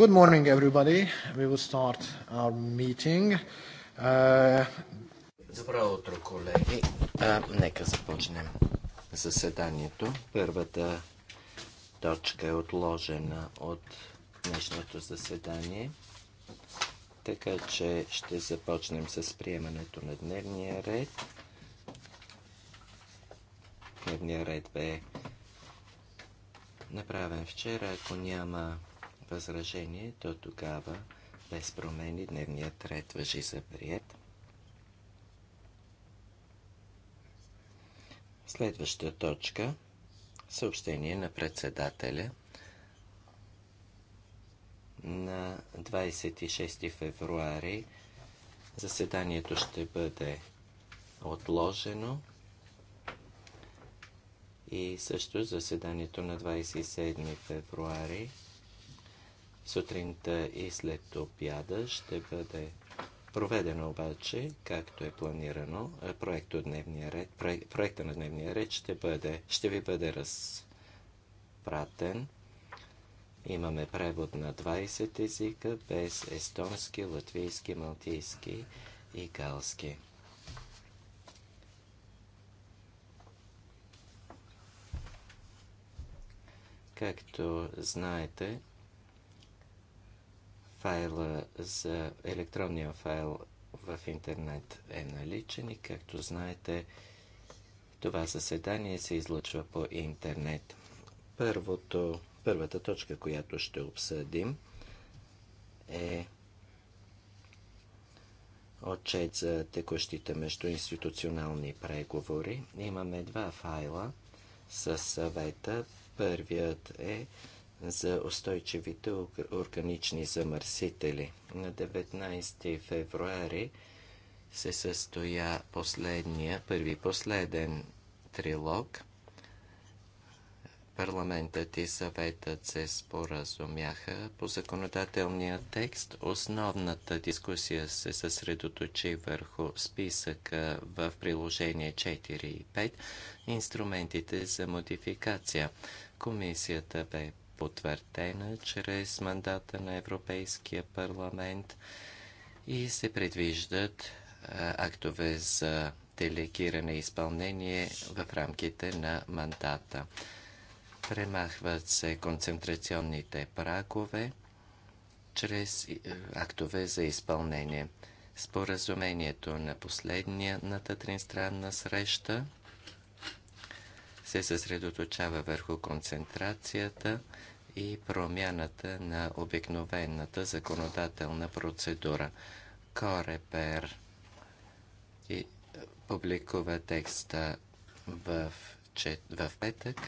Good morning, everybody. We will start our meeting. Uh, Добро утро, колеги. нека започнем заседанието. Първата точка е отложена от днешното заседание. Така че ще започнем с приемането на дневния ред. Дневния ред бе направен вчера. Ако няма възражение, то тогава без промени дневният ред въжи за прият. Следваща точка съобщение на председателя на 26 февруари заседанието ще бъде отложено и също заседанието на 27 февруари сутринта и след обяда ще бъде проведено обаче, както е планирано, е, проекта, дневния ред, проекта на дневния ред ще, бъде, ще ви бъде разпратен. Имаме превод на 20 езика без естонски, латвийски, малтийски и галски. Както знаете, файла за електронния файл в интернет е наличен и както знаете, това заседание се излъчва по интернет. Първото, първата точка, която ще обсъдим е отчет за текущите междуинституционални преговори. Имаме два файла със съвета. Първият е за устойчивите органични замърсители. На 19 февруари се състоя последния, първи последен трилог. Парламентът и съветът се споразумяха по законодателния текст. Основната дискусия се съсредоточи върху списъка в приложение 4 и 5 инструментите за модификация. Комисията бе потвърдена чрез мандата на Европейския парламент и се предвиждат е, актове за делегиране и изпълнение в рамките на мандата. Премахват се концентрационните прагове чрез е, актове за изпълнение. Споразумението на последната тринстранна среща се съсредоточава върху концентрацията и промяната на обикновената законодателна процедура. Корепер и е, публикува текста в, чет... в петък,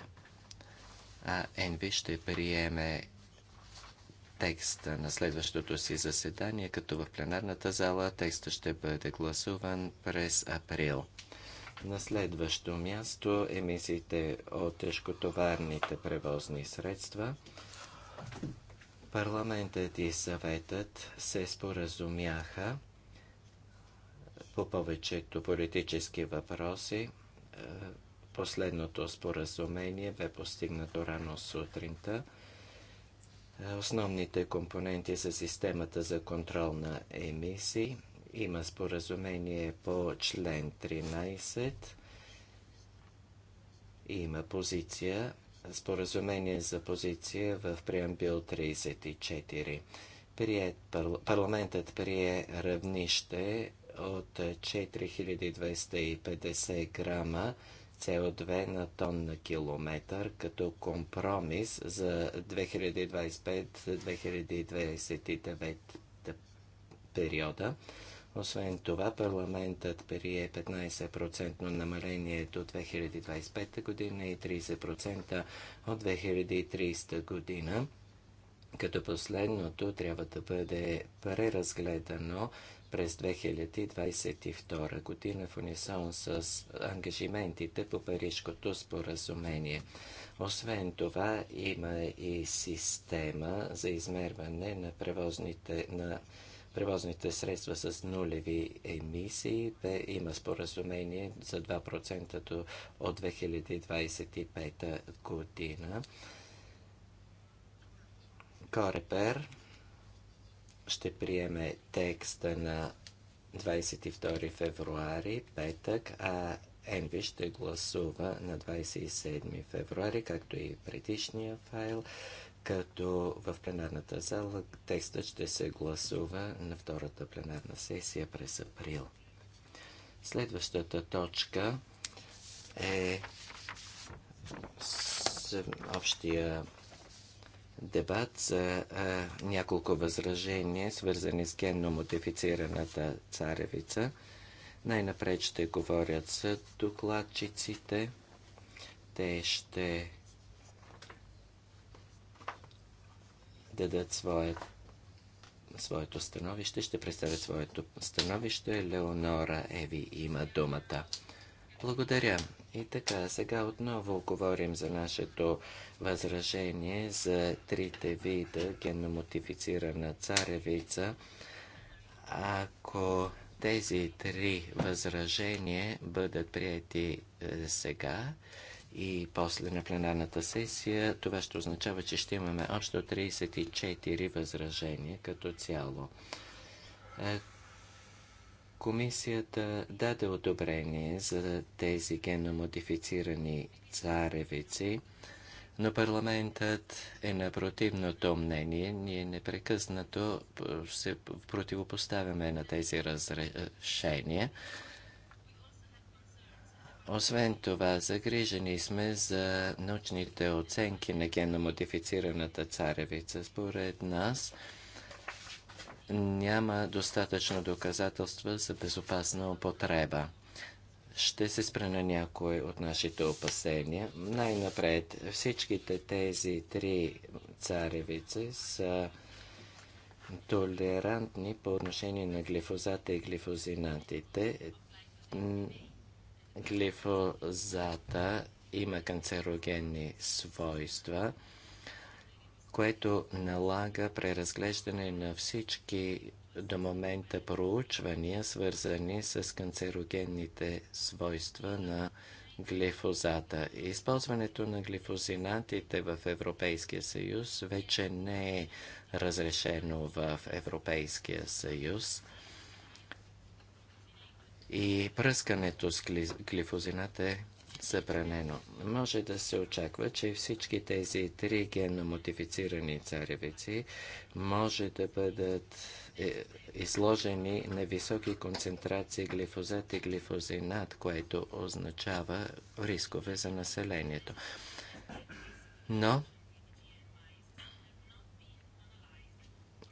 а Енви ще приеме текста на следващото си заседание, като в пленарната зала текста ще бъде гласуван през април. На следващо място емисиите от тежкотоварните превозни средства. Парламентът и съветът се споразумяха по повечето политически въпроси. Е, последното споразумение бе постигнато рано сутринта. Е, основните компоненти са системата за контрол на емисии – има споразумение по член 13. Има позиция, споразумение за позиция в преамбил 34. Прият, парламентът прие равнище от 4250 грама CO2 на тон на километър като компромис за 2025-2029 периода. Освен това, парламентът прие 15% намаление до 2025 година и 30% от 2030 година, като последното трябва да бъде преразгледано през 2022 година в унисон с ангажиментите по Парижкото споразумение. Освен това, има и система за измерване на превозните на превозните средства с нулеви емисии. да има споразумение за 2% от 2025 година. Корепер ще приеме текста на 22 февруари, петък, а Енви ще гласува на 27 февруари, както и предишния файл като в пленарната зала текстът ще се гласува на втората пленарна сесия през април. Следващата точка е общия дебат за а, няколко възражения, свързани с генно модифицираната царевица. Най-напред ще говорят с докладчиците. Те ще дадат своят, своето становище, ще представят своето становище. Леонора Еви има думата. Благодаря. И така, сега отново говорим за нашето възражение за трите вида генномотифицирана царевица. Ако тези три възражения бъдат прияти е, сега, и после на пленарната сесия, това ще означава, че ще имаме общо 34 възражения като цяло. Е, комисията даде одобрение за тези геномодифицирани царевици, но парламентът е на противното мнение. Ние непрекъснато се противопоставяме на тези разрешения. Освен това, загрижени сме за научните оценки на геномодифицираната царевица. Според нас няма достатъчно доказателства за безопасна употреба. Ще се спра на някои от нашите опасения. Най-напред, всичките тези три царевици са толерантни по отношение на глифозата и глифозинатите глифозата има канцерогенни свойства, което налага преразглеждане на всички до момента проучвания, свързани с канцерогенните свойства на глифозата. Използването на глифозинатите в Европейския съюз вече не е разрешено в Европейския съюз и пръскането с глифозинат е забранено. Може да се очаква, че всички тези три генномодифицирани царевици може да бъдат е, изложени на високи концентрации глифозат и глифозинат, което означава рискове за населението. Но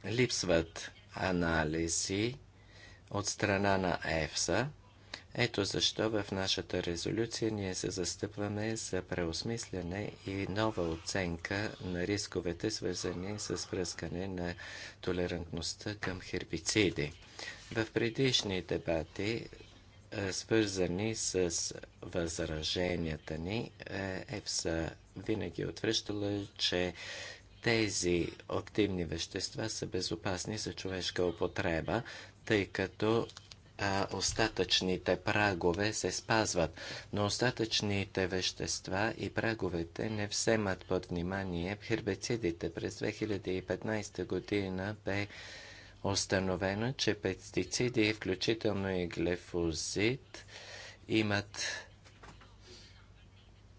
липсват анализи от страна на ЕФСА. Ето защо в нашата резолюция ние се застъпваме за преосмислене и нова оценка на рисковете, свързани с връзкане на толерантността към хербициди. В предишни дебати, е, свързани с възраженията ни, е, ЕФСА винаги е отвръщала, че тези активни вещества са безопасни за човешка употреба, тъй като а, остатъчните прагове се спазват, но остатъчните вещества и праговете не вземат под внимание хербицидите. През 2015 година бе установено, че пестициди, включително и глефозит, имат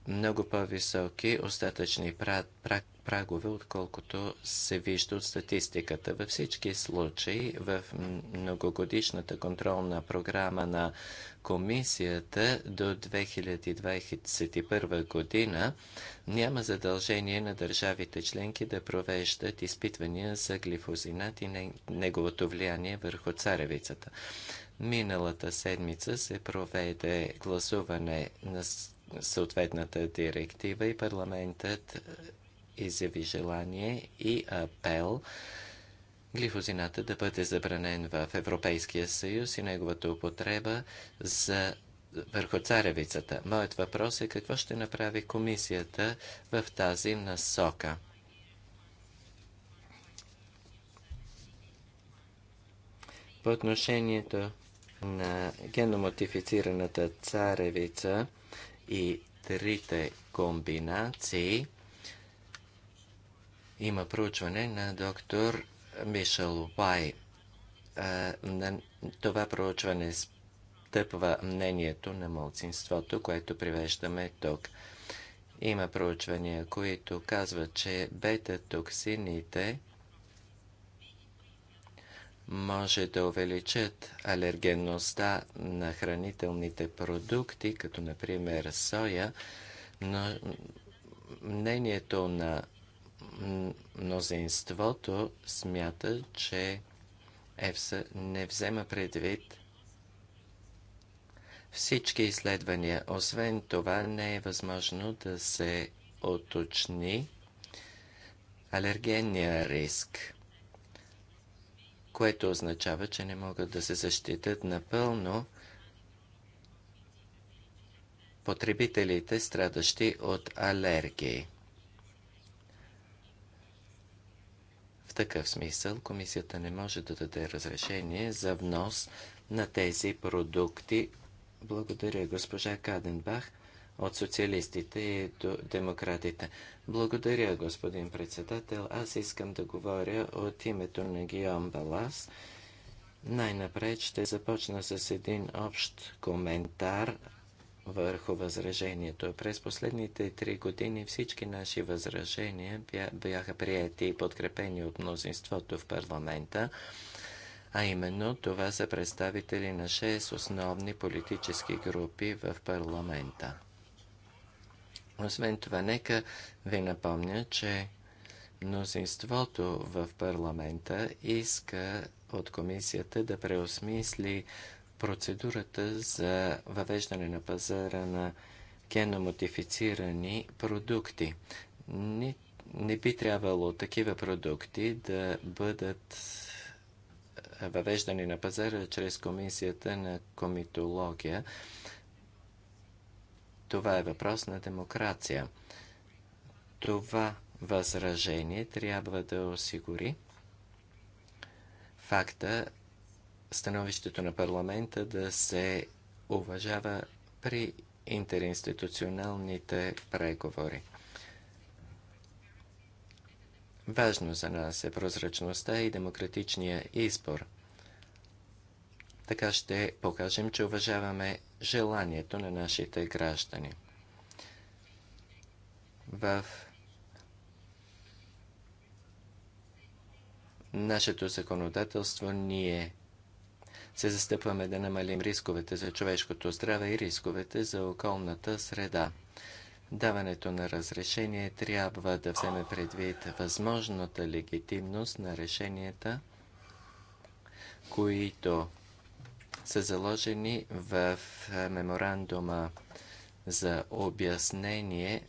много по-високи остатъчни прагове прагове, отколкото се вижда от статистиката. Във всички случаи в многогодишната контролна програма на комисията до 2021 година няма задължение на държавите членки да провеждат изпитвания за глифозинат и неговото влияние върху царевицата. Миналата седмица се проведе гласуване на съответната директива и парламентът изяви желание и апел глифозината да бъде забранен в Европейския съюз и неговата употреба за върху царевицата. Моят въпрос е какво ще направи комисията в тази насока. По отношението на геномодифицираната царевица и трите комбинации, има проучване на доктор Мишел Уай. Това проучване стъпва мнението на мълцинството, което привеждаме тук. Има проучвания, които казват, че бета-токсините може да увеличат алергенността на хранителните продукти, като например соя, но мнението на мнозинството смята, че ЕФСА не взема предвид всички изследвания. Освен това, не е възможно да се оточни алергенния риск, което означава, че не могат да се защитят напълно потребителите, страдащи от алергии. В такъв смисъл комисията не може да даде разрешение за внос на тези продукти. Благодаря госпожа Каденбах от социалистите и до демократите. Благодаря, господин председател. Аз искам да говоря от името на Гион Балас. Най-напред ще започна с един общ коментар върху възражението. През последните три години всички наши възражения бяха прияти и подкрепени от мнозинството в парламента, а именно това са представители на шест основни политически групи в парламента. Освен това, нека ви напомня, че мнозинството в парламента иска от комисията да преосмисли процедурата за въвеждане на пазара на генномодифицирани продукти. Не, не би трябвало такива продукти да бъдат въвеждани на пазара чрез комисията на комитология. Това е въпрос на демокрация. Това възражение трябва да осигури факта становището на парламента да се уважава при интеринституционалните преговори. Важно за нас е прозрачността и демократичния избор. Така ще покажем, че уважаваме желанието на нашите граждани. В нашето законодателство ние се застъпваме да намалим рисковете за човешкото здраве и рисковете за околната среда. Даването на разрешение трябва да вземе предвид възможната легитимност на решенията, които са заложени в меморандума за обяснение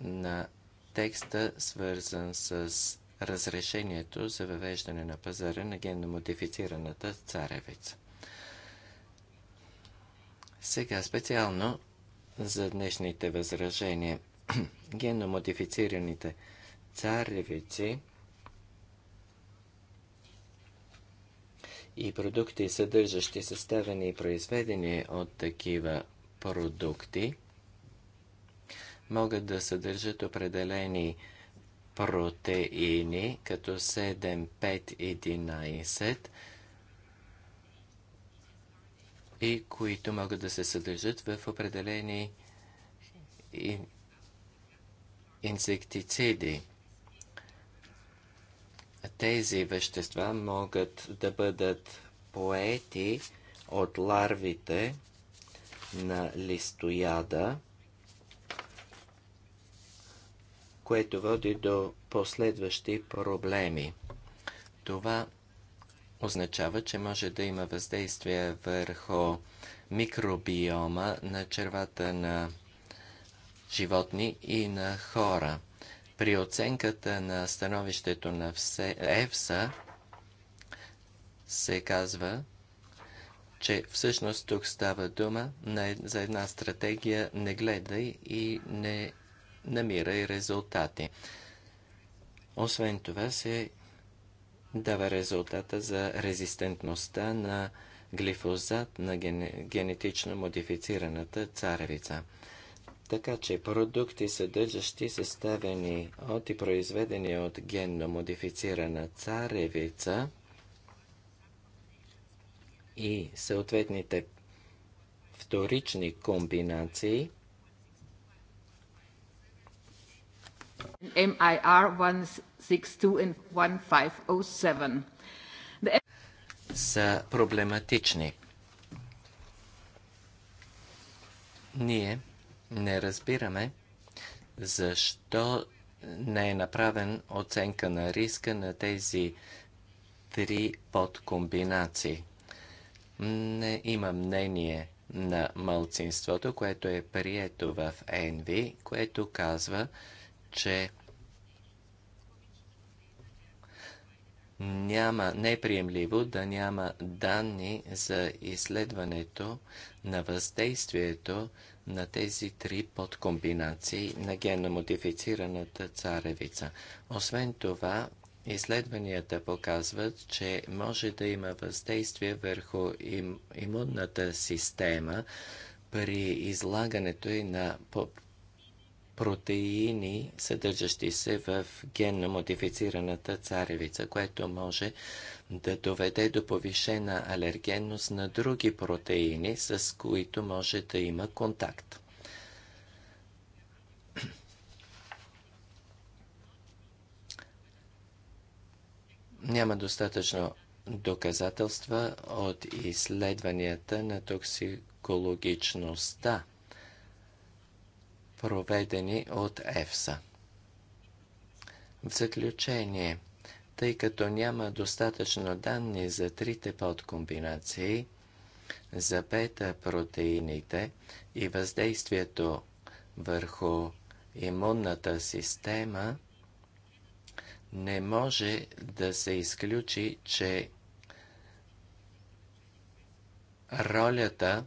на текста, свързан с разрешението за въвеждане на пазара на генно модифицираната царевица. Сега специално за днешните възражения. генно модифицираните царевици и продукти, съдържащи съставени и произведени от такива продукти, могат да съдържат определени протеини, като 7, 5, 11 и които могат да се съдържат в определени инсектициди. Тези вещества могат да бъдат поети от ларвите на листояда което води до последващи проблеми. Това означава, че може да има въздействие върху микробиома на червата на животни и на хора. При оценката на становището на ЕФСА се казва, че всъщност тук става дума за една стратегия не гледай и не намира и резултати. Освен това се дава резултата за резистентността на глифозат на генетично модифицираната царевица. Така че продукти, съдържащи съставени от и произведени от генно модифицирана царевица и съответните вторични комбинации – MIR 162 1507. The... Са проблематични. Ние не разбираме защо не е направен оценка на риска на тези три подкомбинации. Не има мнение на мълцинството, което е прието в ЕНВИ, което казва, че няма, неприемливо да няма данни за изследването на въздействието на тези три подкомбинации на генномодифицираната царевица. Освен това, изследванията показват, че може да има въздействие върху им, имунната система при излагането и на протеини, съдържащи се в генно модифицираната царевица, което може да доведе до повишена алергенност на други протеини, с които може да има контакт. Няма достатъчно доказателства от изследванията на токсикологичността проведени от ЕФСА. В заключение, тъй като няма достатъчно данни за трите подкомбинации, за бета-протеините и въздействието върху имунната система, не може да се изключи, че ролята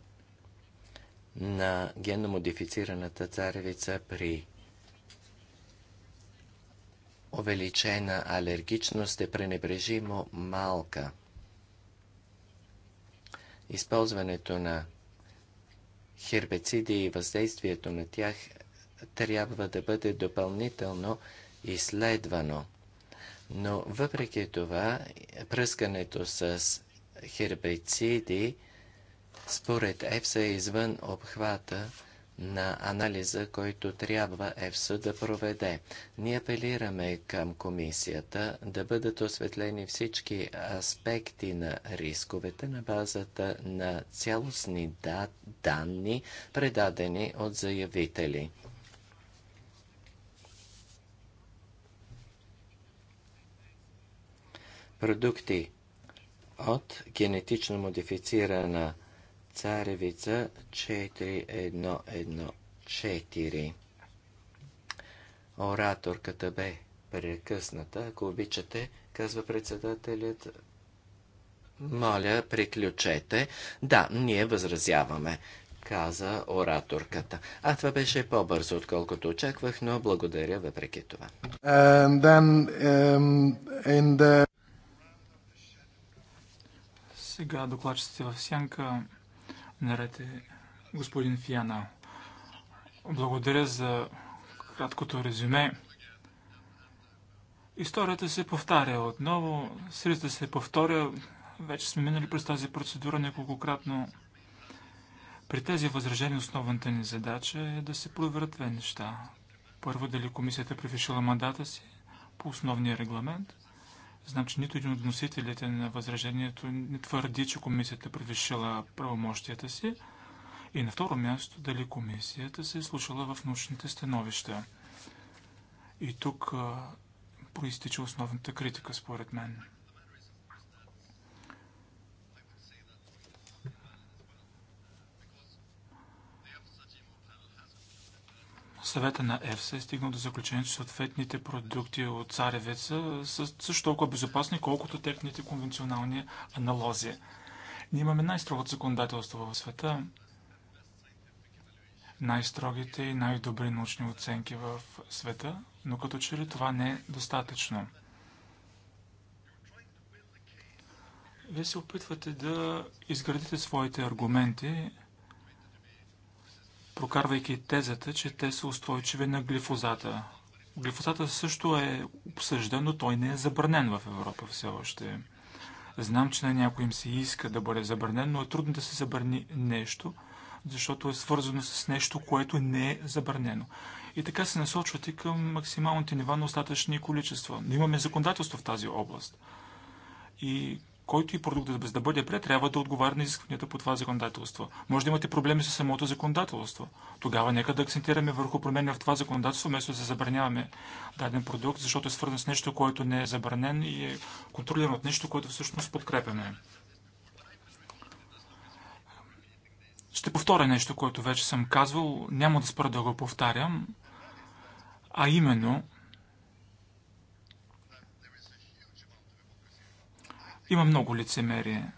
на генномодифицираната царевица при увеличена алергичност е пренебрежимо малка. Използването на хербициди и въздействието на тях трябва да бъде допълнително изследвано. Но въпреки това, пръскането с хербициди според ЕФСА е извън обхвата на анализа, който трябва ЕФСА да проведе. Ние апелираме към комисията да бъдат осветлени всички аспекти на рисковете на базата на цялостни данни, предадени от заявители. Продукти от генетично модифицирана Царевица 4114. Ораторката бе прекъсната. Ако обичате, казва председателят, моля, приключете. Да, ние възразяваме, каза ораторката. А това беше по-бързо, отколкото очаквах, но благодаря въпреки това. And then, um, in the... Сега докладчиците в сянка Наред е господин Фиана. Благодаря за краткото резюме. Историята се повтаря отново. Сризата се повторя. Вече сме минали през тази процедура неколкократно. При тези възражения основната ни задача е да се проверят две неща. Първо, дали комисията е превишила мандата си по основния регламент. Знам, че нито един от вносителите на възражението не твърди, че комисията превишила правомощията си. И на второ място, дали комисията се е слушала в научните становища. И тук а, проистича основната критика, според мен. Съвета на ЕФСА е стигнал до заключение, че съответните продукти от царевеца са също толкова безопасни, колкото техните конвенционални аналози. Ние имаме най-строгото законодателство в света, най-строгите и най-добри научни оценки в света, но като че ли това не е достатъчно. Вие се опитвате да изградите своите аргументи прокарвайки тезата, че те са устойчиви на глифозата. Глифозата също е обсъждан, но той не е забранен в Европа все още. Знам, че на някой им се иска да бъде забранен, но е трудно да се забрани нещо, защото е свързано с нещо, което не е забранено. И така се насочвате към максималните нива на остатъчни количества. Но имаме законодателство в тази област. И който и продукт да, да бъде пред, трябва да отговаря на изискванията по това законодателство. Може да имате проблеми с самото законодателство. Тогава нека да акцентираме върху промени в това законодателство, вместо да забраняваме даден продукт, защото е свързан с нещо, което не е забранен и е контролиран от нещо, което всъщност подкрепяме. Ще повторя нещо, което вече съм казвал, няма да спра да го повтарям, а именно – Има много лицемерие.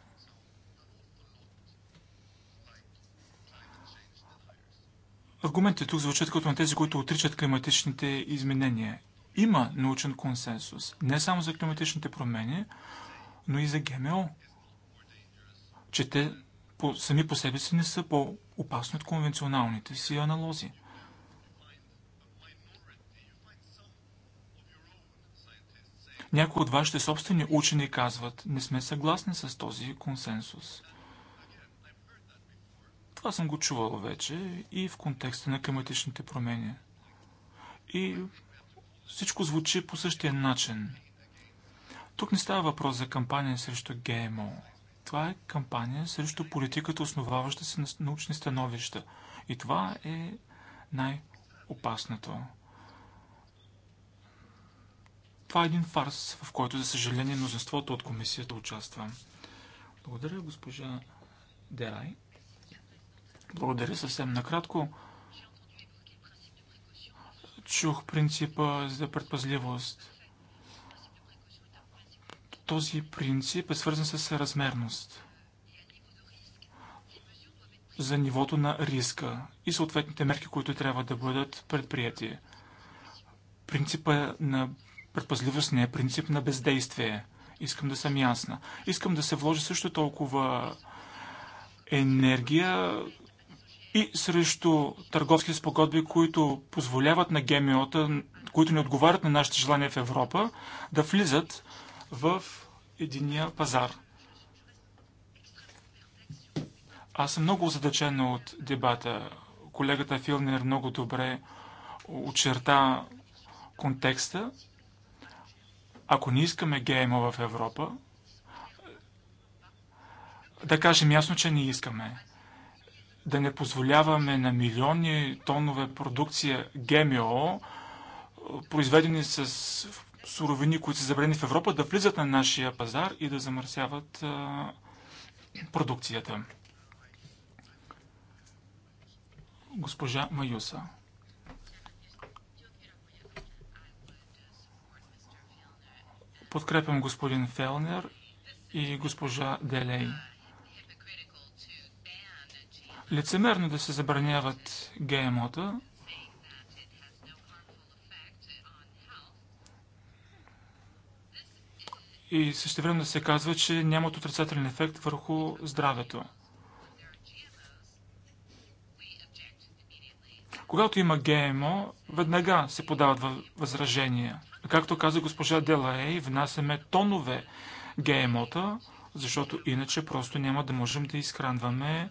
Аргументите тук звучат като на тези, които отричат климатичните изменения. Има научен консенсус не само за климатичните промени, но и за ГМО, че те сами по себе си не са по-опасни от конвенционалните си аналози. Някои от вашите собствени учени казват, не сме съгласни с този консенсус. Това съм го чувал вече и в контекста на климатичните промени. И всичко звучи по същия начин. Тук не става въпрос за кампания срещу ГМО. Това е кампания срещу политиката, основаваща се на научни становища. И това е най-опасното. Това е един фарс, в който, за съжаление, мнозинството от комисията участва. Благодаря, госпожа Дерай. Благодаря съвсем накратко. Чух принципа за предпазливост. Този принцип е свързан с размерност за нивото на риска и съответните мерки, които трябва да бъдат предприяти. Принципа на Предпазливост не е принцип на бездействие. Искам да съм ясна. Искам да се вложи също толкова енергия и срещу търговски спогодби, които позволяват на ГМО-та, които не отговарят на нашите желания в Европа, да влизат в единия пазар. Аз съм много озадачен от дебата. Колегата Филнер много добре очерта контекста ако не искаме ГМО в Европа, да кажем ясно, че не искаме. Да не позволяваме на милиони тонове продукция ГМО, произведени с суровини, които са забрани в Европа, да влизат на нашия пазар и да замърсяват а, продукцията. Госпожа Маюса. Подкрепям господин Фелнер и госпожа Делей. Лицемерно да се забраняват ГМО-та, и време да се казва, че нямат отрицателен ефект върху здравето. Когато има ГМО, веднага се подават възражения – Както каза госпожа Делаей, внасяме тонове ГМО-та, защото иначе просто няма да можем да изхранваме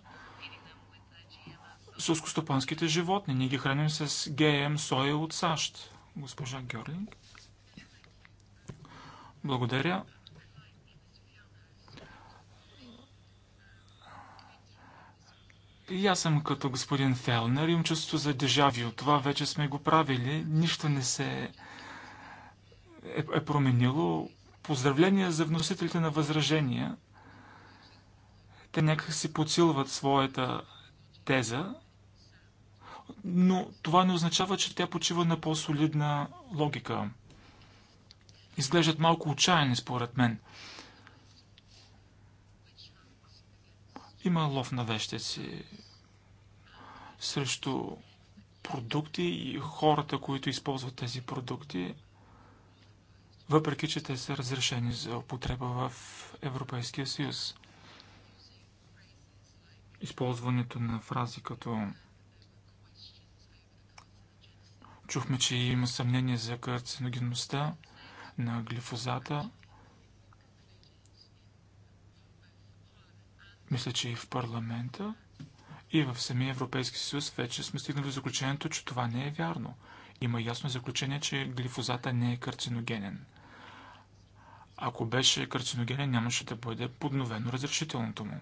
сълскостопанските животни. Ние ги храним с ГМ соя от САЩ. Госпожа Георлинг. Благодаря. И аз съм като господин Фелнер, имам чувство за дежавио. Това вече сме го правили. Нищо не се е, е променило. Поздравления за вносителите на възражения. Те някак си подсилват своята теза, но това не означава, че тя почива на по-солидна логика. Изглеждат малко отчаяни, според мен. Има лов на вещеци срещу продукти и хората, които използват тези продукти въпреки че те са разрешени за употреба в Европейския съюз. Използването на фрази като чухме, че има съмнение за карциногенността на глифозата. Мисля, че и в парламента, и в самия Европейски съюз вече сме стигнали до заключението, че това не е вярно. Има ясно заключение, че глифозата не е карциногенен. Ако беше карциногенен, нямаше да бъде подновено разрешителното му.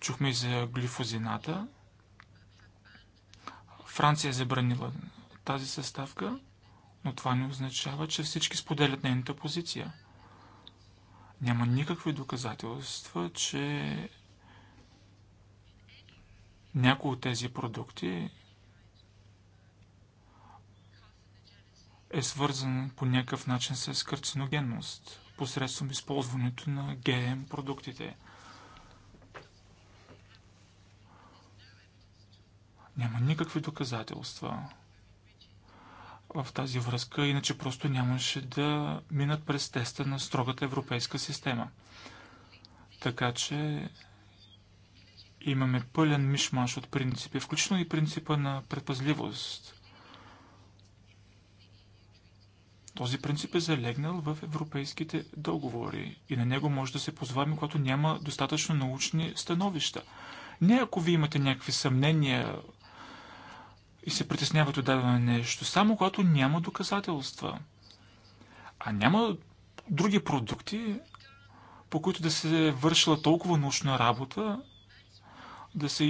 Чухме и за глифозината. Франция е забранила тази съставка, но това не означава, че всички споделят нейната позиция. Няма никакви доказателства, че някои от тези продукти е свързан по някакъв начин с карциногенност посредством използването на ГМ продуктите. Няма никакви доказателства в тази връзка, иначе просто нямаше да минат през теста на строгата европейска система. Така че имаме пълен мишмаш от принципи, включително и принципа на предпазливост. Този принцип е залегнал в европейските договори и на него може да се позваме, когато няма достатъчно научни становища. Не ако ви имате някакви съмнения и се притеснявате от дадено нещо, само когато няма доказателства. А няма други продукти, по които да се вършила толкова научна работа, да се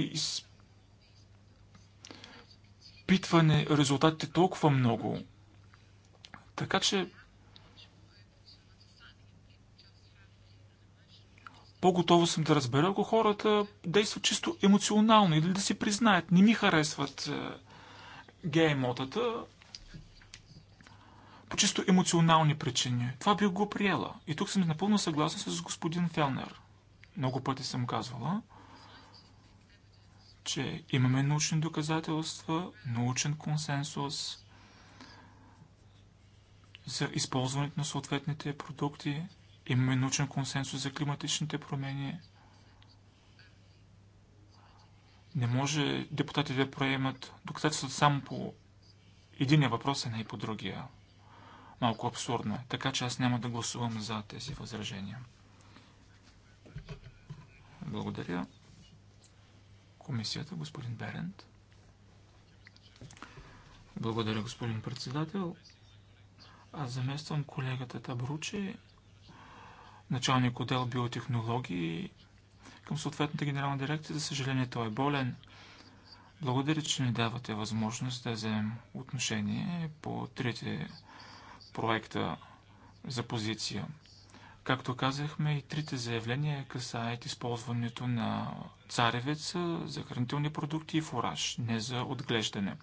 изпитване резултатите толкова много – така че по готово съм да разбера, ако хората действат чисто емоционално или да си признаят, не ми харесват е, геймотата по чисто емоционални причини. Това би го приела. И тук съм напълно съгласен с господин Фелнер. Много пъти съм казвала, че имаме научни доказателства, научен консенсус, за използването на съответните продукти. Имаме научен консенсус за климатичните промени. Не може депутатите да проемат доказателството само по единия въпрос, а не и по другия. Малко абсурдно е. Така че аз няма да гласувам за тези възражения. Благодаря. Комисията, господин Берент. Благодаря, господин председател. Аз замествам колегата Табручи, началник отдел биотехнологии към съответната генерална дирекция. За съжаление той е болен. Благодаря, че ни давате възможност да вземем отношение по трите проекта за позиция. Както казахме, и трите заявления касаят използването на царевеца за хранителни продукти и фураж, не за отглеждане.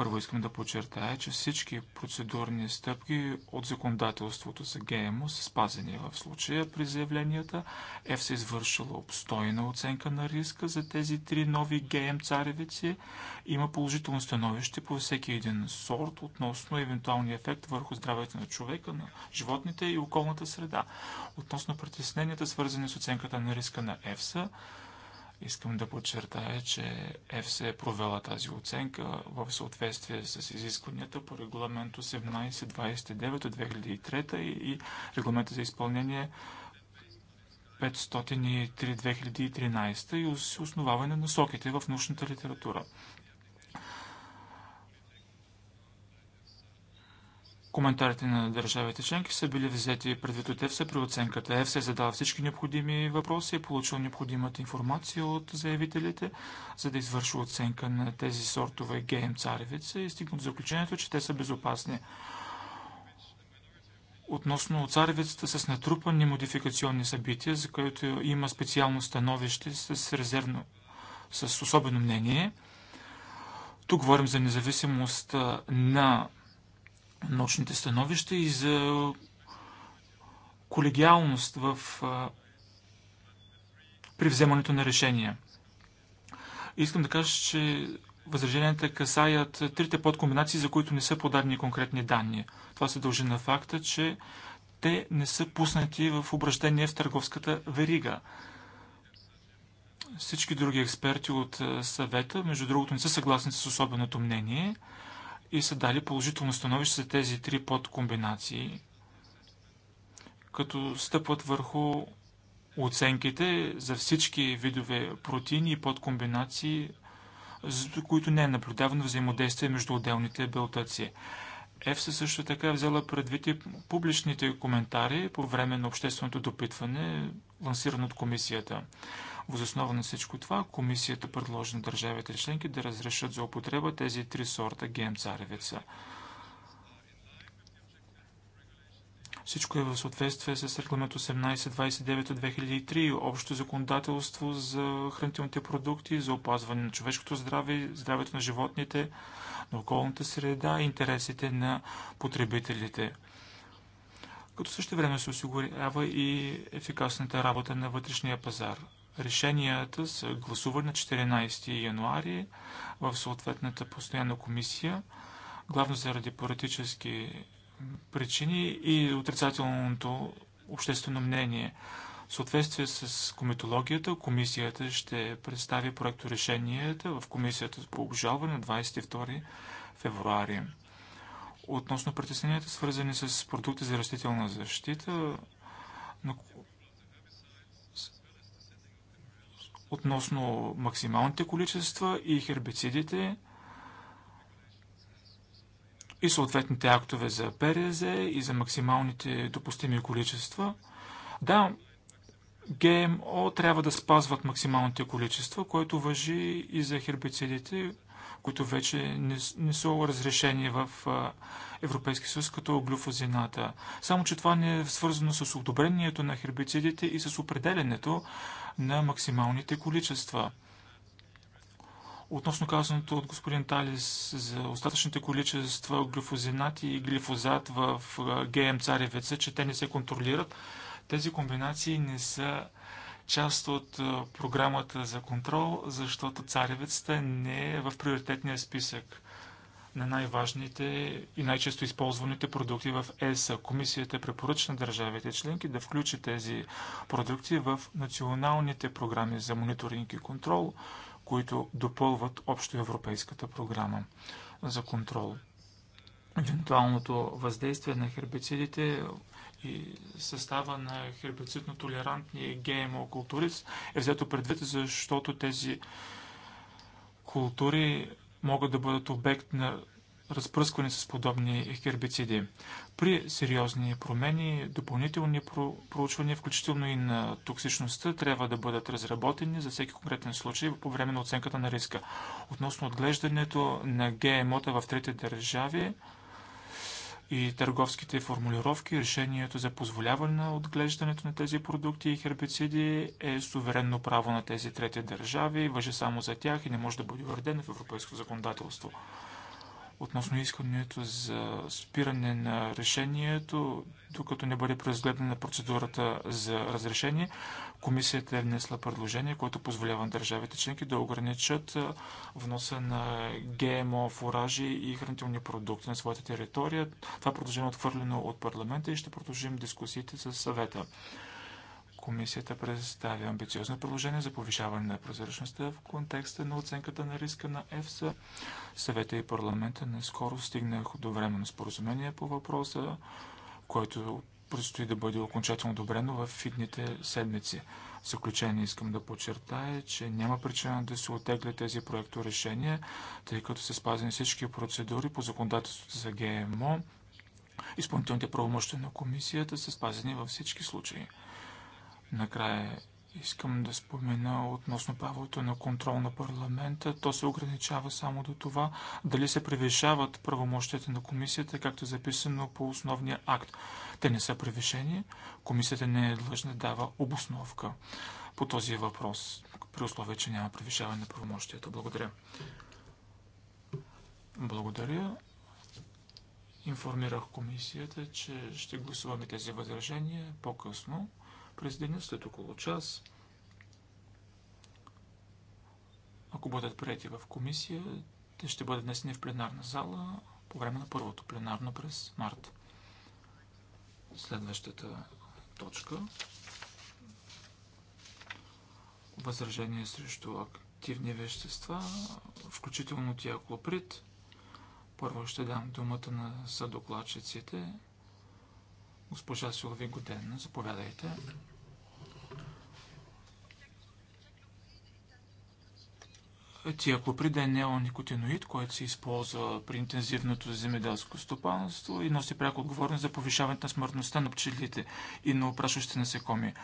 Първо искам да подчертая, че всички процедурни стъпки от законодателството за ГМО са спазени в случая при заявленията. ЕФС е извършила обстойна оценка на риска за тези три нови ГМ царевици. Има положително становище по всеки един сорт относно евентуалния ефект върху здравето на човека, на животните и околната среда. Относно притесненията, свързани с оценката на риска на ЕФСА, Искам да подчертая, че ФС е провела тази оценка в съответствие с изискванията по регламенто 1729 от 2003 и регламента за изпълнение 503-2013 и основаване на соките в научната литература. Коментарите на държавите членки са били взети предвид от ЕФСА при оценката. ЕФСА е задава всички необходими въпроси и е получил необходимата информация от заявителите, за да извърши оценка на тези сортове ГМ царевица и е стигна до заключението, че те са безопасни. Относно царевицата с натрупани модификационни събития, за които има специално становище с резервно, с особено мнение, тук говорим за независимост на научните становища и за колегиалност в, при вземането на решения. Искам да кажа, че възраженията касаят трите подкомбинации, за които не са подадени конкретни данни. Това се дължи на факта, че те не са пуснати в обращение в търговската верига. Всички други експерти от съвета, между другото, не са съгласни с особеното мнение и са дали положително становище за тези три подкомбинации, като стъпват върху оценките за всички видове протеини и подкомбинации, за които не е наблюдавано взаимодействие между отделните белтъци. ЕФСА също така е взела предвид и публичните коментари по време на общественото допитване, лансирано от комисията. Въз основа на всичко това, комисията предложи на държавите членки да разрешат за употреба тези три сорта ГМ царевица. Всичко е в съответствие с регламент 1829 от 2003, общо законодателство за хранителните продукти, за опазване на човешкото здраве, здравето на животните, на околната среда и интересите на потребителите. Като също време се осигурява и ефикасната работа на вътрешния пазар. Решенията са гласувани на 14 януари в съответната постоянна комисия, главно заради политически причини и отрицателното обществено мнение. В съответствие с кометологията, комисията ще представи проекто решенията в комисията по обжалване на 22 февруари. Относно притесненията, свързани с продукти за растителна защита, относно максималните количества и хербицидите и съответните актове за ПРЗ и за максималните допустими количества. Да, ГМО трябва да спазват максималните количества, което въжи и за хербицидите, които вече не, не са разрешени в Европейски съюз, като глюфозината. Само, че това не е свързано с одобрението на хербицидите и с определенето на максималните количества. Относно казаното от господин Талис за остатъчните количества глифозинат и глифозат в ГМ царевеца че те не се контролират, тези комбинации не са част от програмата за контрол, защото царевецата не е в приоритетния списък на най-важните и най-често използваните продукти в ЕСА. Комисията препоръча на държавите членки да включи тези продукти в националните програми за мониторинг и контрол, които допълват общо европейската програма за контрол. Евентуалното въздействие на хербицидите и състава на хербицидно толерантни ГМО култури е взето предвид, защото тези култури могат да бъдат обект на разпръскване с подобни хербициди. При сериозни промени, допълнителни проучвания, включително и на токсичността, трябва да бъдат разработени за всеки конкретен случай по време на оценката на риска. Относно отглеждането на ГМО-та в трети държави, и търговските формулировки, решението за позволяване на отглеждането на тези продукти и хербициди е суверенно право на тези трети държави, въже само за тях и не може да бъде уредено в европейско законодателство относно искането за спиране на решението, докато не бъде произгледана процедурата за разрешение, комисията е внесла предложение, което позволява на държавите членки да ограничат вноса на ГМО фуражи и хранителни продукти на своята територия. Това предложение е отхвърлено от парламента и ще продължим дискусиите с съвета. Комисията представя амбициозно предложение за повишаване на прозрачността в контекста на оценката на риска на ЕФСА. Съвета и парламента наскоро стигнаха до на споразумение по въпроса, който предстои да бъде окончателно одобрено в фидните седмици. В заключение искам да подчертая, че няма причина да се отегля тези проекто решения, тъй като са спазени всички процедури по законодателството за ГМО. Изпълнителните правомощи на комисията са спазени във всички случаи. Накрая искам да спомена относно правото на контрол на парламента. То се ограничава само до това дали се превишават правомощията на комисията, както е записано по основния акт. Те не са превишени. Комисията не е длъжна да дава обосновка по този въпрос, при условие, че няма превишаване на правомощията. Благодаря. Благодаря. Информирах комисията, че ще гласуваме тези възражения по-късно през деня, след около час. Ако бъдат прияти в комисия, те ще бъдат внесени в пленарна зала по време на първото пленарно през март. Следващата точка. Възражение срещу активни вещества, включително тиаклоприт. Първо ще дам думата на съдокладчиците. Госпожа Силови Годен, заповядайте. тиаклоприден неоникотиноид, който се използва при интензивното земеделско стопанство и носи пряко отговорност за повишаването на смъртността на пчелите и на опрашващите насекоми.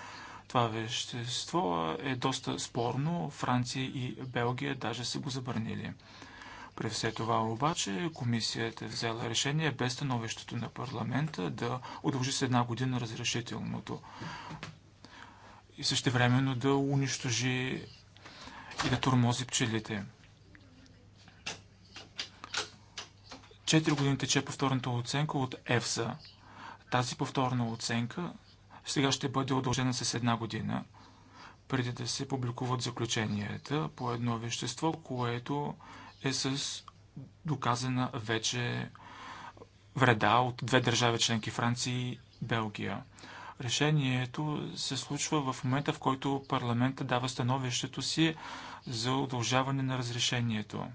Това вещество е доста спорно. Франция и Белгия даже са го забранили. При все това обаче комисията е взела решение без становището на парламента да удължи с една година разрешителното и също времено да унищожи и да турмози пчелите. Четири години тече повторната оценка от ЕФСА. Тази повторна оценка сега ще бъде удължена с една година, преди да се публикуват заключенията по едно вещество, което е с доказана вече вреда от две държави членки Франция и Белгия. Решението се случва в момента, в който парламента дава становището си за удължаване на разрешението.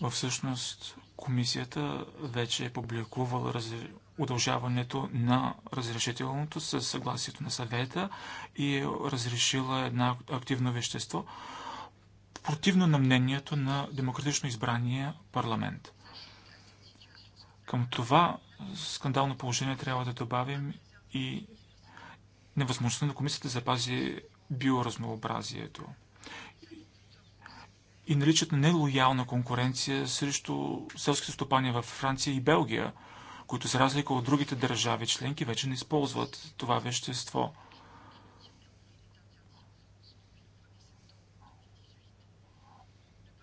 Във всъщност комисията вече е публикувала раз... удължаването на разрешителното със съгласието на съвета и е разрешила едно активно вещество, противно на мнението на демократично избрания парламент. Към това скандално положение трябва да добавим и невъзможността на комисията да запази биоразнообразието и наличат на нелоялна конкуренция срещу селските стопани в Франция и Белгия, които за разлика от другите държави членки вече не използват това вещество.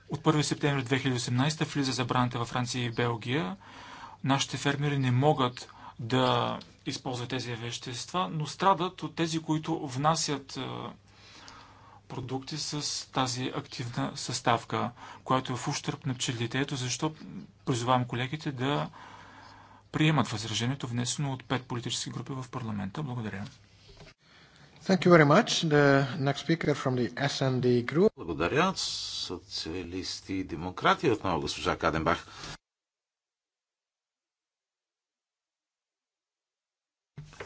От 1 септември 2018 влиза забраната във Франция и Белгия Нашите фермери не могат да използват тези вещества, но страдат от тези, които внасят продукти с тази активна съставка, която е в ущърп на пчелите. Ето защо призовавам колегите да приемат възражението, внесено от пет политически групи в парламента. Благодаря. Thank you very much. The next speaker from the SND group. Благодаря. Социалисти и демократи. Отново госпожа Каденбах.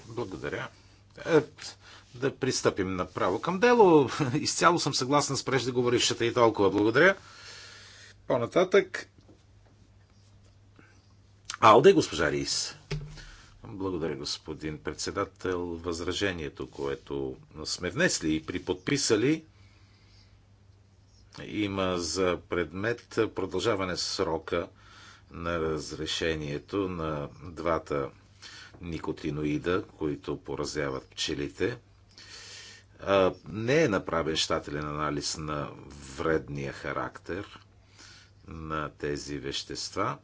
Благодаря. Е, да пристъпим направо към дело. Изцяло съм съгласен с преждеговорившата и толкова. Благодаря. По-нататък. Алде, госпожа Рис. Благодаря, господин председател. Възражението, което сме внесли и приподписали, има за предмет продължаване срока на разрешението на двата никотиноида, които поразяват пчелите. Не е направен щателен анализ на вредния характер на тези вещества.